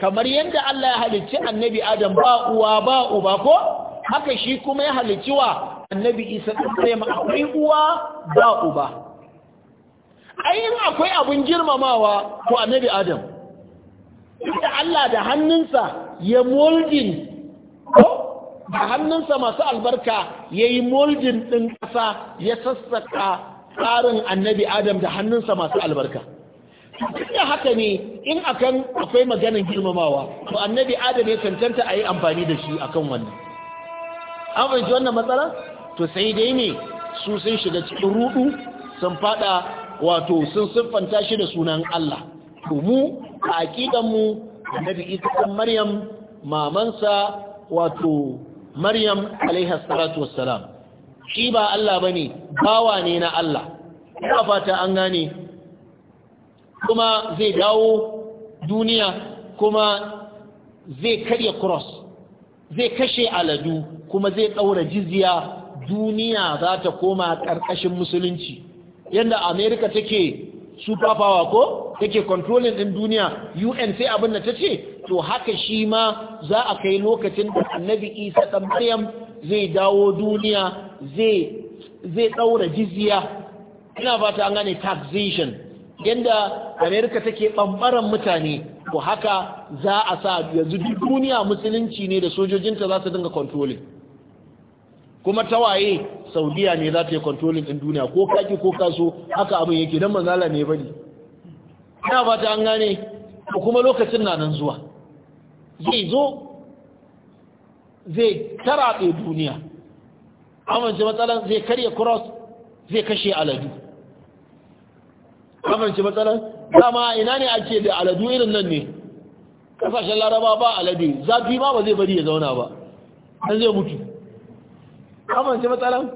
kamar yadda Allah ya halicci annabi Adam ba uwa ba uba ko haka shi kuma ya halicci wa annabi Isa dan Maryam akwai uwa ba uba ayin akwai abun girmamawa ko annabi Adam da Allah da hannunsa ya moldin da hannunsa masu albarka ya yi moldin ɗin ƙasa ya sassaƙa tsarin annabi adam da hannunsa masu albarka ya haka ne in akan akwai maganin girmamawa to annabi adam ya cancanta a yi amfani da shi akan wannan an fahimci wannan matsala to sai dai ne su sun shiga cikin rudu sun fada wato sun siffanta shi da sunan Allah to mu a aqidan mu annabi isa maryam mamansa wato maryam alaiha salatu wassalam shi ba Allah bane bawa ne na Allah ina fata an gane kuma zai dawo duniya kuma zai karya cross zai kashe aladu kuma zai daura jizya duniya za ta koma ƙarƙashin musulunci yadda amerika take super power ko take controlling din duniya UN sai abin da tace to haka shi ma za a kai lokacin da Annabi Isa dan Maryam zai dawo duniya zai zai daura jizya ina fata an gane taxation yanda America take bambaran mutane ko haka za a sa yanzu duniya musulunci ne da sojojinta za su dinga controlling kuma tawaye saudiya ne za ta yi kontrolin ɗin duniya ko kaki ko kaso haka abin yake don manzala ne bane ina ba ta an gane ko kuma lokacin na nan zuwa zai zo zai karaɓe duniya amince matsalan zai karya cross zai kashe aladu amince matsalan dama ina ne ake da aladu irin nan ne kasashen laraba ba alade zafi ma ba zai bari ya zauna ba an zai mutu amince matsalan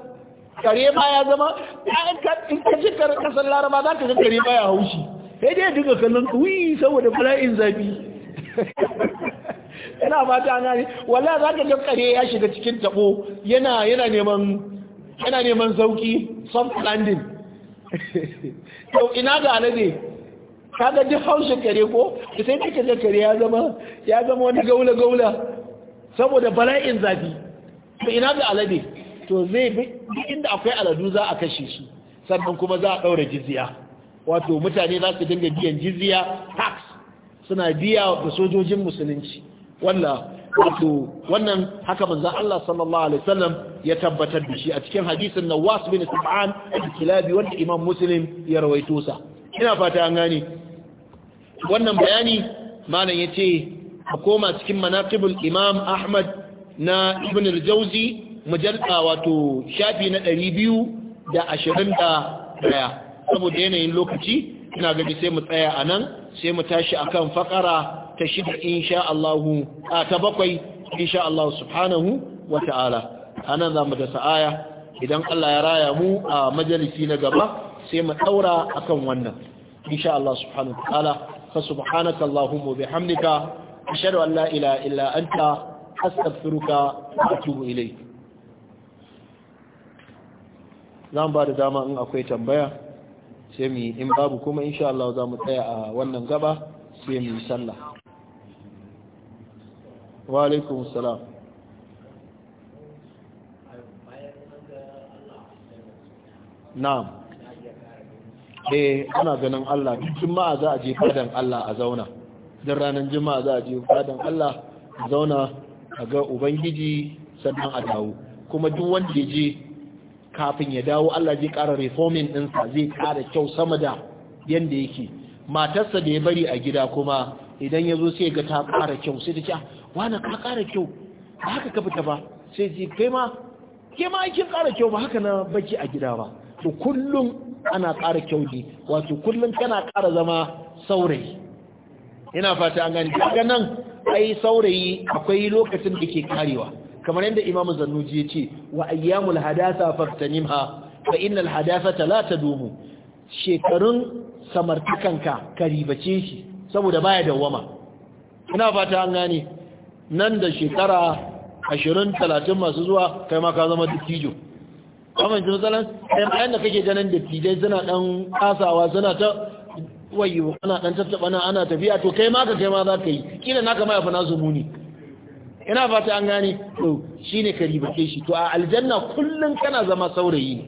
kare ma ya zama in ka ci kasar laraba za ka ga kare ma ya haushi sai dai duka kallon kuwi saboda bala'in zafi yana ta na ne wala za ka ga kare ya shiga cikin tabo yana neman yana neman sauki soft landing to ina ga alade ga duk haushin kare ko sai kake ga kare ya zama ya zama wani gaula gaula saboda bala'in zafi to ina ga alade to zai bi inda akwai aladu za a kashe su sannan kuma za a ɗaura jiziya wato mutane za su dinga biyan jiziya tax suna biya da sojojin musulunci wallah wato wannan haka manzon Allah sallallahu alaihi wasallam ya tabbatar da shi a cikin hadisin Nawas bin Sufyan al-Kilabi wanda Imam Muslim ya rawaito sa ina fata an gane wannan bayani malam yace a koma cikin manaqibul Imam Ahmad na Ibn al-Jawzi mujalda wato shafi na ɗari biyu da ashirin da ɗaya saboda yanayin lokaci ina gani sai mu tsaya a nan sai mu tashi akan fakara ta shida insha Allahu a ta bakwai insha allahu subhanahu wa ta'ala a nan za mu da sa'aya idan Allah ya raya mu a majalisi na gaba sai mu ɗaura akan wannan insha Allah subhanahu wa ta'ala fa subhanaka Allahumma bihamdika ashhadu la ilaha illa anta astaghfiruka wa atubu Za mu ba da dama in akwai tambaya sai mu in babu kuma insha Allah za mu tsaya a wannan gaba sai mu yi sallah wa alaikum salam na'am eh ana ganin Allah juma'a za a je fadan Allah a zauna Don ranar juma'a za a je fadan Allah a zauna a ga ubangiji sannan a dawo kuma duk wanda ya je kafin ya dawo Allah zai ƙara reforming ɗinsa zai ƙara kyau sama da yadda yake matarsa da ya bari a gida kuma idan ya zo sai ga ta ƙara kyau sai ta ce ah, wani ka ƙara kyau ba haka ka fita ba sai zai kai ma ke ma aikin ƙara kyau ba haka na baki a gida ba to kullum ana ƙara kyau ne wato kullum kana ƙara zama saurayi ina fata an gani daga nan ai saurayi akwai lokacin da ke karewa kamar yadda imam zannuji ya ce wa ayyamul hadasa fartanimha fa innal hadasata la tadumu shekarun samartakanka karibace shi saboda baya dawwama ina fata an gane nan da shekara ashirin-talatin masu zuwa kai ma ka zama dattijo kamar jin zalan Yadda bayan da kake ganin dattijai suna dan kasawa suna ta wayo ana dan tattaba ana tafiya to kai ma ka kai ma za ka yi kila naka ma yafi nasu muni ina fata an gane to shine ka ribace shi to a aljanna kullun kana zama saurayi ne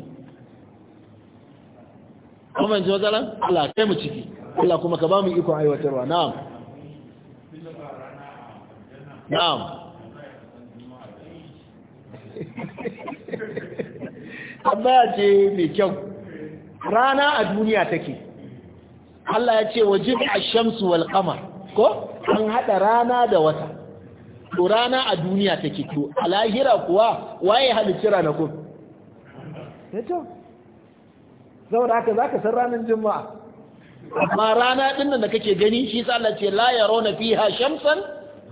kuma ji wazalan Allah kai mu ciki Allah kuma ka ba mu ikon aiwatarwa na'am na'am Amma ce mai kyau rana a duniya take Allah ya ce wajen shamsu wal qamar ko an hada rana da wata to rana a duniya take to a lahira kuwa waye halicci ranakun yato da haka zaka san ranar juma'a amma rana ɗinnan da kake gani shi tsallace layara ce la yarawna shamsan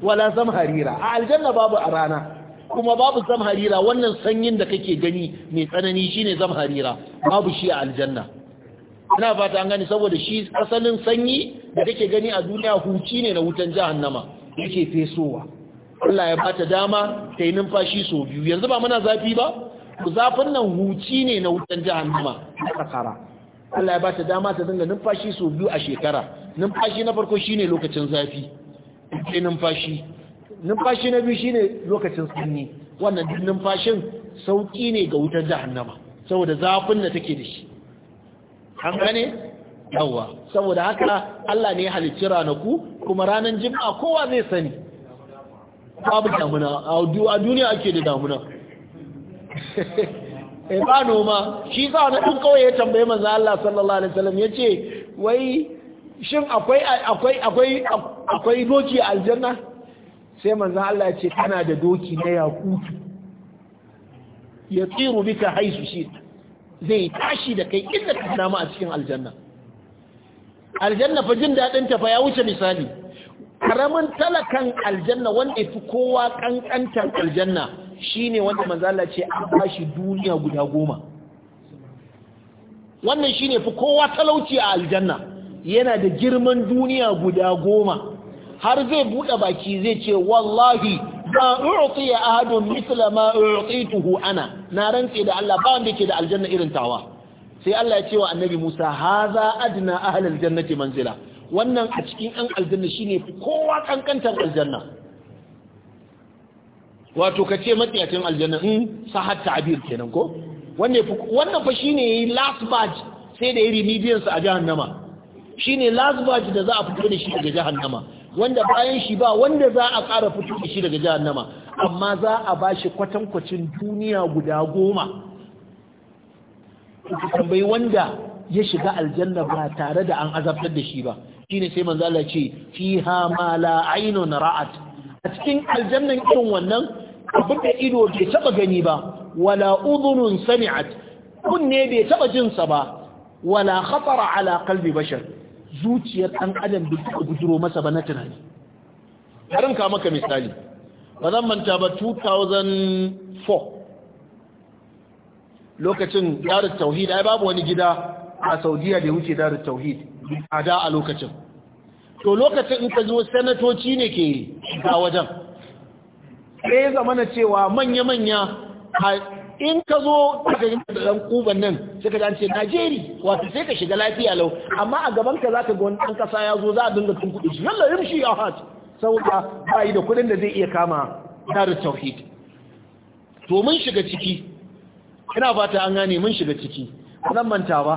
wala harira. a aljanna babu a rana kuma babu harira wannan sanyin da kake gani mai tsanani shine harira. babu shi a aljanna ina fata an gani saboda shi asalin sanyi da kake gani a duniya huci ne na wutan jahannama yake fesowa Allah ya bata dama ta yi numfashi sau biyu yanzu ba muna zafi ba zafin nan huci ne na wutan jahannama na kara Allah ya bata dama ta dinga numfashi sau biyu a shekara numfashi na farko shine lokacin zafi ke numfashi numfashi na biyu shine lokacin sanyi wannan duk numfashin sauki ne ga wutan jahannama saboda zafin da take da shi an gane yawa saboda haka Allah ne ya halicci ranaku kuma ranan jima'a kowa zai sani babu damuna a duniya ake da damuna e ba noma shi za na ɗin kawai ya tambaye manzo Allah sallallahu alaihi wasallam yace wai shin akwai akwai doki aljanna sai manzo Allah ce kana da doki na yakutu ya tsiru bika haisu shi zai tashi da kai inda ka dama a cikin aljanna aljanna fa jin dadin ta fa ya wuce misali karamin talakan aljanna wanda fi kowa kankantar aljanna shine wanda manzala ce an bashi duniya guda goma wannan shine fi kowa talauci a aljanna yana da girman duniya guda goma har zai buɗe baki zai ce wallahi ba u'ti ya ahadun misla ma u'tituhu ana na rantse da Allah ba wanda yake da aljanna irin tawa sai Allah ya ce wa annabi Musa haza adna ahlal jannati manzila wannan a cikin ɗan aljanna shine kowa ƙanƙantar aljanna wato ka ce matsiyacin aljanna in hmm, sahar ta'abir kenan ko wannan fa shine yi last batch sai da ya yayi remedials a jihar nama. Shi ne last batch da za a fito da shi daga jihar nama. wanda bayan shi ba wanda za a ƙara fito da shi daga jihar nama. amma za a ba shi kwatankwacin duniya guda goma tambayi wanda ya shiga aljanna ba tare da an azabtar da shi ba shine sai manzo Allah ce fiha ma la aynun ra'at a cikin aljannan irin wannan abin da ido bai taba gani ba wala udhunun sami'at kunne bai taba jin sa ba wala khatara ala qalbi bashar zuciyar dan adam bai taba gujiro masa ba na tunani karin ka maka misali ba zan manta ba 2004 lokacin darut tauhid ai babu wani gida a saudiya da ya wuce darut tauhid a da a lokacin to lokacin in ka zo sanatoci ne ke ga wajen sai zama na cewa manya-manya in ka zo daga yin ɗan kuban nan sai ka ji ce najeri wata sai ka shiga lafiya lau amma a gaban ka za ka ga wani ɗan ƙasa ya zo za a dinga tun kuɗi shi yalla yin shi a saboda da kuɗin da zai iya kama darar tauhid to mun shiga ciki ina fata an gane mun shiga ciki zan manta ba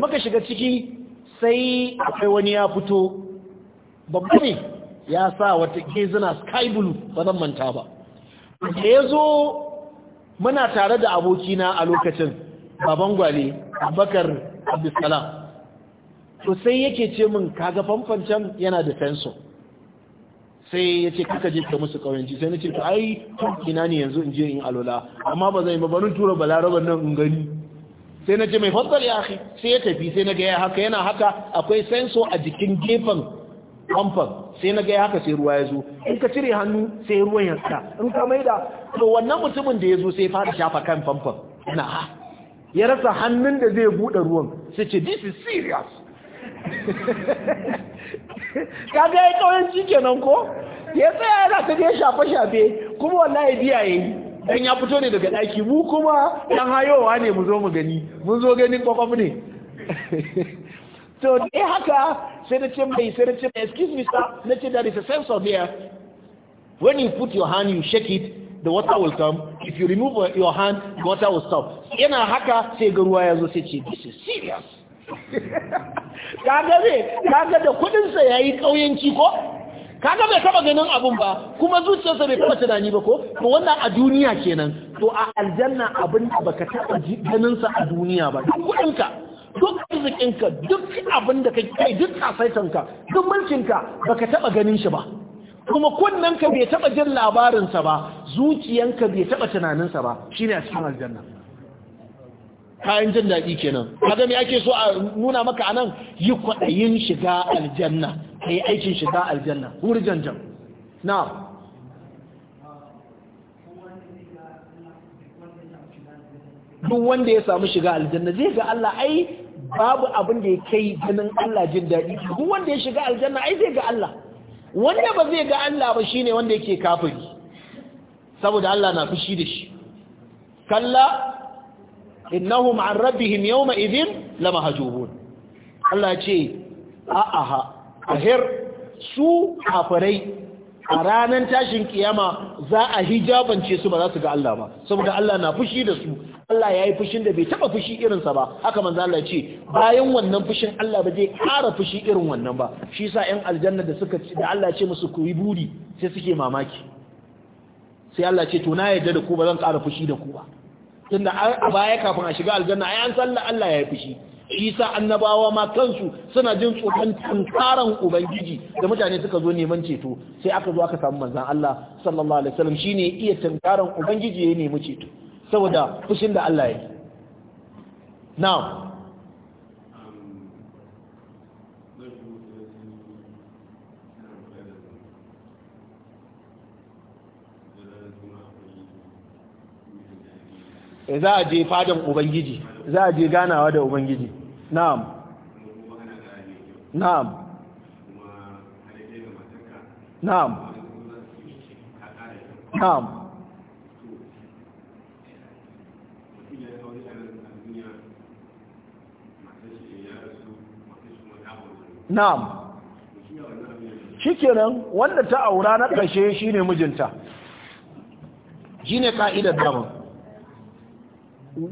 muka shiga ciki sai akwai wani ya fito babba ne ya sa wata kezina sky blue ba zan manta ba da ya zo muna tare da abokina a lokacin baban gwale abakar abdulsalam to sai yake ce min kaga famfancan yana da fenso sai ya ce kaka je ka musu kauyanci sai na ce ta ai ina ne yanzu in je in alola amma ba zai ba tura balarabar nan in gani sai na ji mai fassal ya akhi sai ya tafi sai na ga ya haka yana haka akwai sensor a jikin gefen kamfan sai na ga ya haka sai ruwa ya zo in ka cire hannu sai ruwan ya sa in ka da to wannan mutumin da ya zo sai fara shafa kan famfan yana ha ah. ya rasa hannun da zai buɗe ruwan sai ce this is serious ka ga ya kauyen nan ko ya tsaya yana ta ya shafe shafe kuma wallahi biya ya yi. dan ya fito ne daga daki mu kuma dan hayowa ne mu zo mu gani mun zo ganin kwakwaf ne to dai haka sai na ce mai sai na ce mai excuse me sir na ce there is a of there when you put your hand you shake it the water will come if you remove your hand the water will stop yana haka sai ga ruwa ya zo sai ce this is serious kaga ne kaga da kudinsa ya yi ƙauyenci ko kaga bai taba ganin abun ba kuma zuciyarsa bai taba tunani ba ko to wannan a duniya kenan to a aljanna abin da baka taba ganin sa a duniya ba duk ka duk ka, duk abin da kake kai duk ka, duk mulkin mulkinka baka taba ganin shi ba kuma ka bai taba jin labarin sa ba zuciyanka bai taba tunanin sa ba shine a cikin aljanna kayan jin daɗi kenan kaga me ake so a nuna maka anan yi kwaɗayin shiga aljanna ka yi aikin shiga aljanna wuri janjan. na duk wanda ya samu shiga aljanna zai ga Allah ai babu abin da ya kai ganin Allah jin daɗi duk wanda ya shiga aljanna ai zai ga Allah wanda ba zai ga Allah ba shine wanda yake kafiri saboda Allah na fushi da shi kalla innahum an rabbihim yawma idhin lamahjubun Allah ce a'a ahir su kafirai a ranar tashin kiyama za a hijabance su ba za su ga Allah ba saboda Allah na fushi da su Allah ya yi fushin da bai taba fushi irinsa ba haka manzo Allah ce bayan wannan fushin Allah ba zai ƙara fushi irin wannan ba shi yasa ƴan aljanna da suka da Allah ce musu ku yi buri sai suke mamaki sai Allah ce to na yarda da ku ba zan ƙara fushi da ku ba tunda a baya kafin a shiga aljanna ai an sallah Allah ya yi fushi Isa annabawa ma kansu suna jin tsoron tantaran ubangiji da mutane suka zo neman ceto sai aka zo aka samu manzan Allah sallallahu alaihi wasallam shine iya tantaran ubangiji ya nemi ceto saboda fushin da Allah ya yi now eh, za a je fadan ubangiji za a je ganawa da ubangiji na'am na'am na'am na'am na'am shikenan wanda ta aura na ƙashe shine mijinta shine ka'idar damar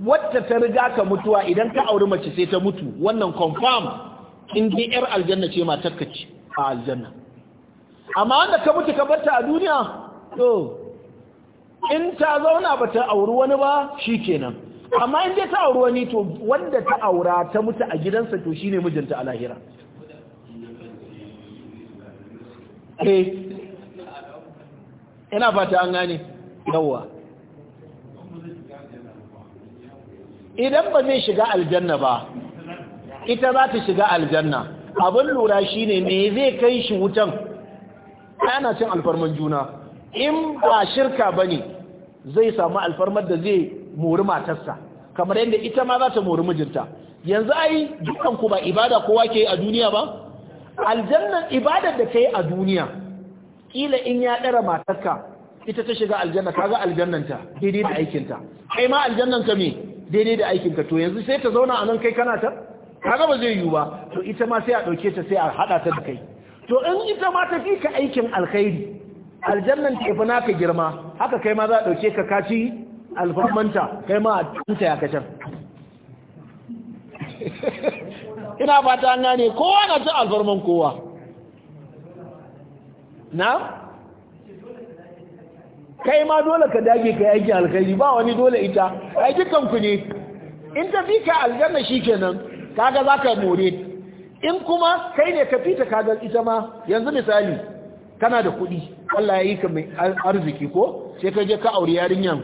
Wata ta riga ka mutuwa idan ka auri mace sai ta mutu wannan confirm in dai yar aljanna ce matarka ce a aljanna amma wanda ka mutu ka barta a duniya to in ta zauna ba ta auri wani ba shikenan amma in dai ta auri wani to wanda ta aura ta mutu a gidansa to shine mijinta a lahira eh ina fata an gane yawwa idan ba zai shiga aljanna ba ita za ta shiga aljanna abin lura shi ne me zai kai shi wutan ana cin alfarman juna in ba shirka ba ne zai samu alfarmar da zai mori matarsa kamar yadda ita ma za ta mori mijinta yanzu ai dukan ku ba ibada kowa ke a duniya ba aljannan ibadar da ka yi a duniya ƙila in ya ɗara matarka ita ta shiga aljanna kaga aljannanta daidai da aikinta kai ma aljannanta me daidai da aikin ka to yanzu sai ta zauna a nan kai kana ta kaga ba zai yiwu ba to ita ma sai a dauke ta sai a hada ta da kai to in ita ma ta fika aikin alkhairi aljannan ta ifi naka girma haka kai ma za a dauke ka kaci alfahmanta kai ma a tanta ya kacar ina fata an gane kowa na ta alfarman kowa na kai ma dole ka dage ka yaki alkhairi ba wani dole ita ai dukan ku ne in ta fika aljanna shikenan kaga zaka more in kuma kai ne ka fita kaga ita ma yanzu misali kana da kuɗi Allah ya yi ka mai arziki ko sai ka je ka aure yarinyan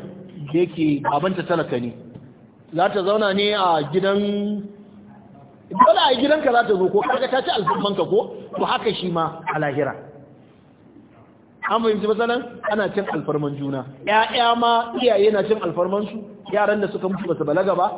da yake babanta talaka ne za ta zauna ne a gidan dole a gidanka za ta zo ko kaga ta ci alfarmanka ko to haka shi ma a lahira an fahimci matsalan ana cin alfarman juna Ya'ya ma iyaye na cin alfarman su yaran da suka mutu basu balaga ba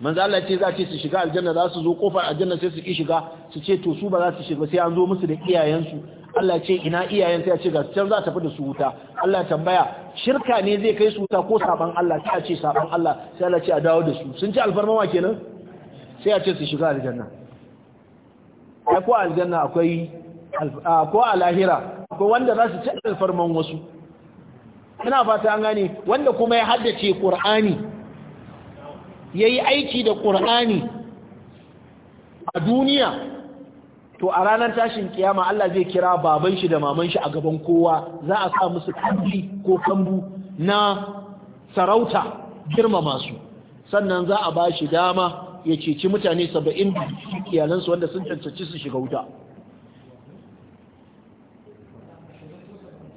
manzo Allah ce za ce su shiga aljanna za su zo kofar aljanna sai su ki shiga su ce to su ba za su shiga sai an zo musu da iyayen su Allah ce ina iyayen sai ya ce ga can za ta fi da su wuta Allah tambaya shirka ne zai kai su wuta ko saban Allah sai a ce saban Allah sai Allah ce a dawo da su sun ci wa kenan sai a ce su shiga aljanna ai ko aljanna akwai ko a lahira ba wanda za su ci alfarman wasu ina fata an gane wanda kuma ya haddace ƙur'ani ya yi aiki da ƙur'ani a duniya to a ranar tashin kiyama Allah zai kira baban shi da maman shi a gaban kowa za a sa musu kambi ko kambu na sarauta girmama su sannan za a ba shi dama ya ceci mutane saba'in iyalansu wanda sun cancanci su shiga wuta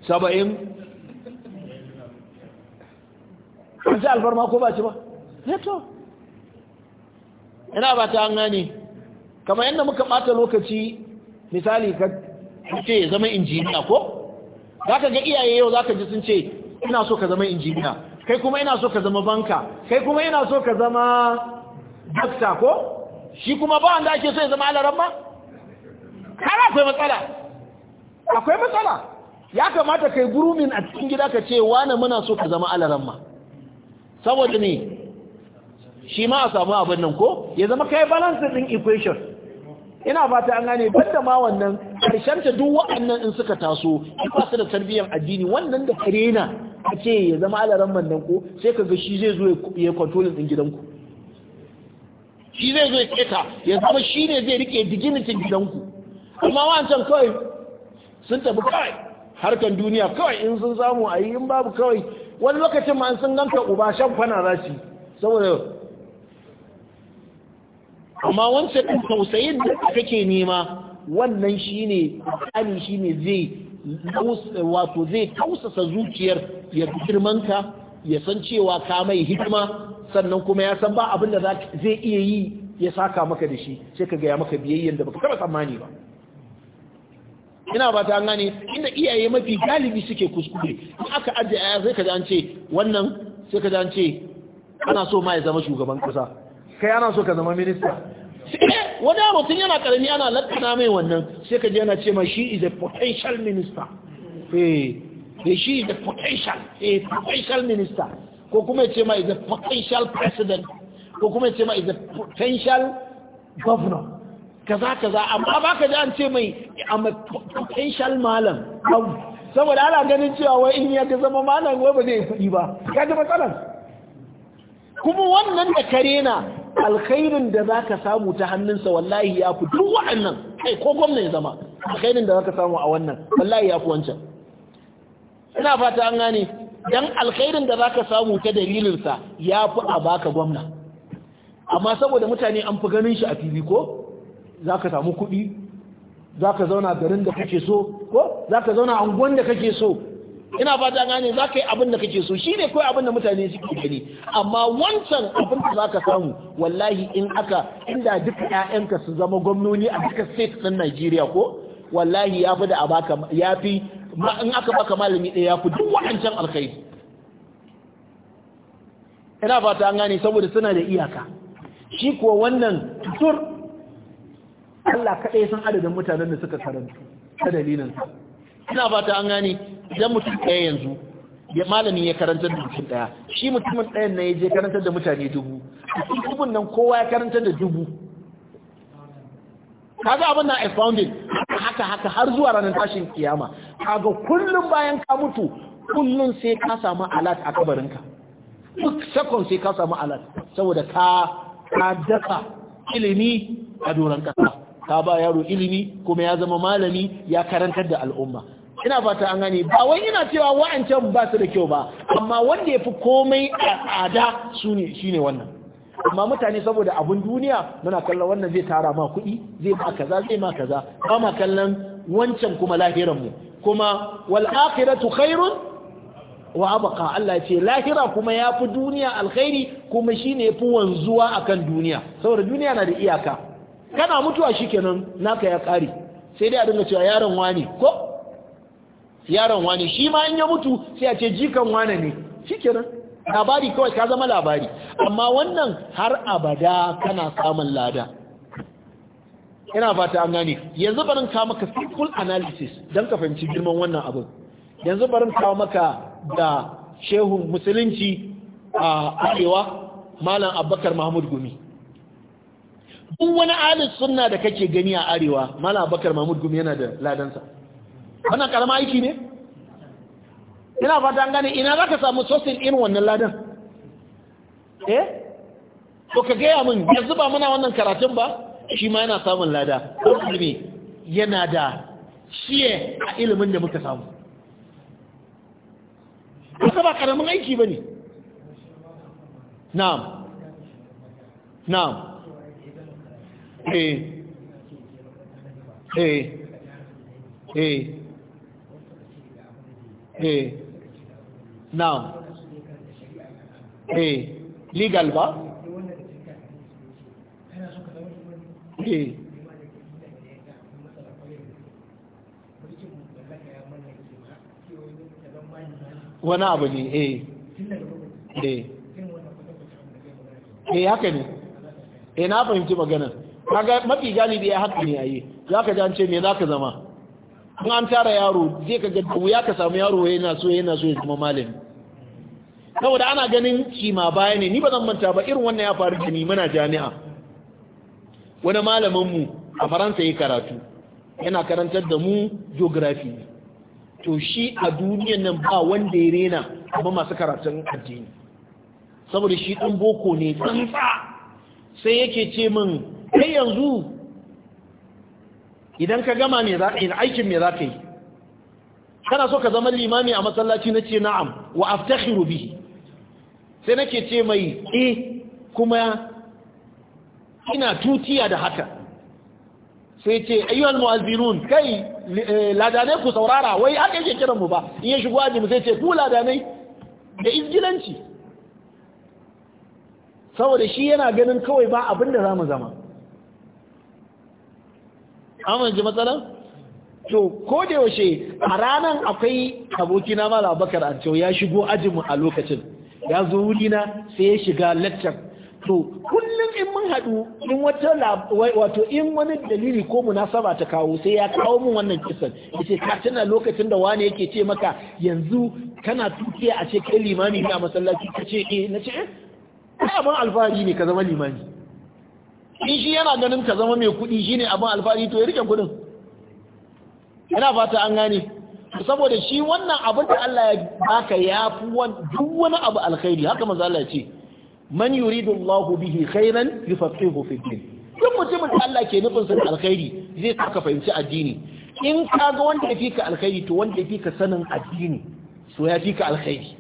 saba'in an alfarma ko ba ci ba ne eh to ina ba ta an gani. kamar yadda muka mata lokaci misali ka ce zama injiniya ko za ka ga iyaye yau za ka ji sun ce ina so ka zama injiniya kai kuma ina so ka zama banka kai kuma ina so ka zama dokta ko shi kuma ba wanda ake so ya zama alaramma kara akwai matsala akwai matsala ya kamata kai gurumin a cikin gida ka ce wane muna so ka zama alaramma saboda ne shi ma a samu abin nan ko ya zama kai balance din equation ina fata an gane banda ma wannan karshen ta duk wa'annan in suka taso ba su da tarbiyyar addini wannan da karena a ce ya zama alaramma nan ko sai ka ga shi zai zo ya controlling din gidanku shi zai zo ya keta ya zama shi ne zai rike diginitin gidanku amma wancan kawai sun tafi kawai harkan duniya kawai in sun samu a yi in babu kawai wani lokacin ma sun ganta uba shan kwana za su saboda amma wancan ɗin tausayin da kake nema wannan shi ne shine zai wato zai tausasa zuciyar ya girmanka ya san cewa ka mai hikima sannan kuma ya san ba abin da zai iya yi ya saka maka da shi sai ka gaya maka biyayyen da baka taba tsammani ba ina ba ta gane inda iyaye mafi galibi suke kuskure in aka ajiye aya sai ka an ce wannan sai ka an ce ana so ma ya zama shugaban kasa kai ana so ka zama minista wani mutum yana karami ana lakana mai wannan sai ka je yana ce ma shi is a potential minister eh, eh shi is a potential a eh, potential minister ko kuma ce ma is a potential president ko kuma ce ma is a potential governor kaza kaza amma baka ji an ce mai I'm potential malam saboda ana ganin cewa wai in ya zama malam wai ba zai kudi ba ka ji matsalan kuma wannan da kare na alkhairin da zaka samu ta hannunsa wallahi ya fi duk waɗannan kai ko gwamna ya zama alkhairin da zaka samu a wannan wallahi ya fi wancan ina fata an gane dan alkhairin da zaka samu ta dalilinsa ya fi a baka gwamna amma saboda mutane an fi ganin shi a fili ko za ka samu kuɗi za ka zauna garin da kake so ko za ka zauna anguwan da kake so ina fata gane za ka yi abin da kake so shi ne kawai abin da mutane suke gani amma wancan abin da za ka samu wallahi in aka inda duka ƴaƴanka su zama gwamnoni a duka state ɗin najeriya ko wallahi ya fi da a baka ya fi in aka baka malami ɗaya ya fi duk wa'ancan alkhairi ina fata an gane saboda suna da iyaka shi kuwa wannan tur Allah kaɗai san adadin mutanen da suka karantu ta dalilin sa ina fata an gane idan mutum ɗaya yanzu ya malami ya karanta da mutum ɗaya shi mutumin ɗayan na ya je karantar da mutane dubu dubun nan kowa ya karantar da dubu kaga abin na founding haka haka har zuwa ranar tashin kiyama ga kullum bayan ka mutu kullum sai ka samu alat a kabarinka duk sakon sai ka samu alat saboda ka ka daka ilimi a doron kasa ka ba yaro ilimi kuma ya zama malami ya karantar da al'umma ina fata an gane ba wai ina cewa wa'ancan ba su da kyau ba amma wanda ya fi komai a tsada ne wannan amma mutane saboda abin duniya muna kallon wannan zai tara ma kuɗi zai ma kaza zai ma kaza ba ma kallon wancan kuma lahiranmu kuma wal akhiratu khairun wa Allah ce lahira kuma ya fi duniya alkhairi kuma shine ya fi wanzuwa akan duniya saboda duniya na da iyaka kana mutuwa shi kenan naka ya kare sai dai a dinga cewa yaron wani ko yaron wani shi ma in ya mutu sai a ce jikan wani ne shikenan labari kawai ka zama labari amma wannan har abada kana samun lada ina fata an gane yanzu barin kawo maka simple analysis don ka fahimci girman wannan abin yanzu barin kawo maka da shehun musulunci a arewa malam abubakar mahmud gumi in wani alis sunna da kake gani a arewa mala bakar mahmud gumi yana da ladansa wannan karama aiki ne ina fata gane ina za ka samu sosin irin wannan ladan eh to ka gaya min ya zuba mana wannan karatun ba shi ma yana samun lada ilimi yana da shiye a ilimin da muka samu kusa ba karamin aiki ba ne na'am na'am Eh. Eh. Eh. now eh legal ba eh wani abu ne eh eh eh haka ne eh na fahimci maganar kaga mafi galibi ya haka ne yayi zaka ji an ce me zaka zama in an tara yaro zai ka ga wuya ka samu yaro yana so yana so ya zama malami saboda ana ganin kima baya ne ni ba zan manta ba irin wannan ya faru da ni muna jami'a wani malamin mu a faransa ya karatu yana karantar da mu geography to shi a duniyan nan ba wanda ya rena amma masu karatun addini saboda shi ɗan boko ne tsantsa sai yake ce min kai yanzu idan ka gama aikin me za ka yi kana so ka zama limami a masallaci na ce na'am wa aftashi rubi. sai nake ce mai e kuma ina tutiya da haka sai ce ayyuan mu'azzinun kai eh, ladanai ku saurara wai aka yake kiran mu ba in ya shigo ajin sai ce ku ladanai da izgilanci saboda shi yana ganin kawai ba abin da mu zama amma ji matsalar to ko da yaushe a ranar akwai abokina mala bakar an ya shigo ajinmu a lokacin ya zo wurina sai ya shiga lecture to kullum in mun haɗu in wata wato in wani dalili ko munasaba ta kawo sai ya kawo mun wannan kisan yace ka tana lokacin da wani yake ce maka yanzu kana tukiya a ce kai limami ne a masallaci kace eh nace eh abin alfahari ne ka zama limami in shi yana ganin ka zama mai kuɗi shine abin alfahari to ya rike kuɗin yana fata an gane saboda shi wannan abin da Allah ya baka ya fi duk wani abu alkhairi haka manzo Allah ya ce man yuridu allahu bihi khairan yufaqihu fi din duk mutumin da Allah ke nufin sa alkhairi zai saka fahimci addini in ka ga wanda ya fika alkhairi to wanda ya fika sanin addini so ya fika alkhairi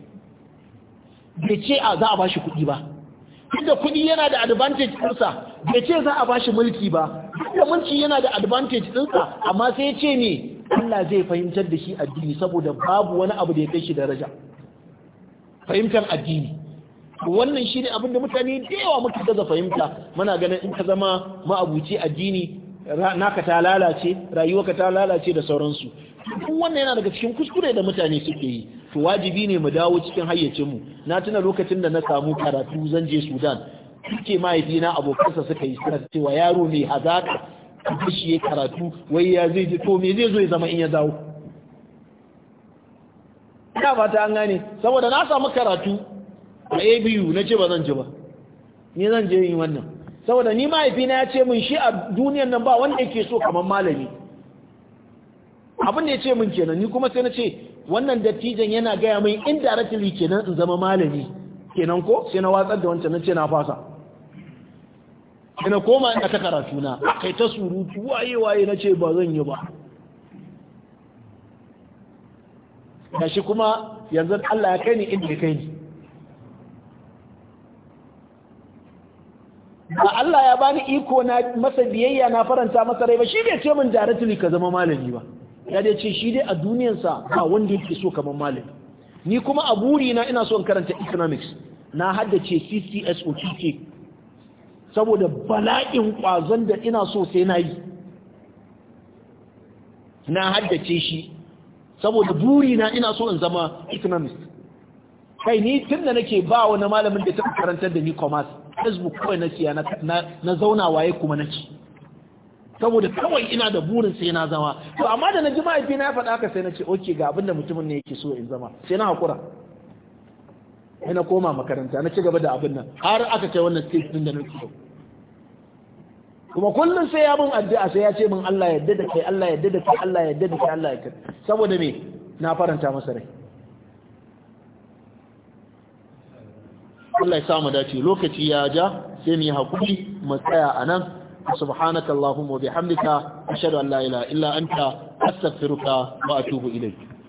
bai ce a za a ba shi kuɗi ba inda kuɗi yana da advantage kusa. bai ce za a bashi mulki ba da mulki yana da advantage dinsa amma sai ya ce ne Allah zai fahimtar da shi addini saboda babu wani abu da ya kai shi daraja fahimtar addini wannan shi ne da mutane da yawa muka gaza fahimta muna ganin in ka zama ma'abuci addini naka ta lalace rayuwarka ta lalace da sauransu duk wannan yana daga cikin kuskure da mutane suke yi to wajibi ne mu dawo cikin hayyacinmu na tuna lokacin da na samu karatu zan je Sudan suke mahaifina abokansa suka yi suna cewa yaro mai hazaka ka shi ya karatu wai ya zai ji to me zai zo ya zama in ya dawo ina fata an gane saboda na samu karatu a abu na ce ba zan ji ba ni zan je yin wannan saboda ni mahaifina ya ce min shi a duniyan nan ba wanda yake so kamar malami abin da ya ce min kenan ni kuma sai na ce wannan dattijan yana gaya min indirectly kenan in zama malami kenan ko sai na watsar da wancan na ce na fasa ina koma ina ta karatu na kai ta surutu waye waye na ce ba zan yi ba shi kuma yanzu Allah ya kai ni inda kai ni ba Allah ya bani iko na masa biyayya na faranta masa rai ba shi bai ce min directly ka zama malami ba ya dai ce shi dai a sa ba wanda yake so kamar malami ni kuma a burina ina so in karanta economics na haddace CCSOTK saboda bala'in ƙwazon da ina so sai na yi na haddace shi saboda burina ina so in zama economist kai ni tun da nake ba wani malamin da ta karantar da ni commerce facebook kawai na siya na zauna waye kuma na ci saboda kawai ina da burin sai na zama to amma da na ji mahaifina ya faɗa ka sai na ce oke ga abin da mutumin ne yake so in zama sai na haƙura sai na koma makaranta na ci gaba da abin nan har aka kai wannan stage din da nake kuma kullum sai ya bin addu'a sai ya ce min Allah ya yadda da kai Allah ya yadda da kai Allah ya yadda da kai Allah ya kai saboda me na faranta masa rai Allah ya samu dace lokaci ya ja sai mu yi hakuri mu tsaya anan subhanakallahumma wa bihamdika ashhadu an la ilaha illa anta astaghfiruka wa atubu ilayk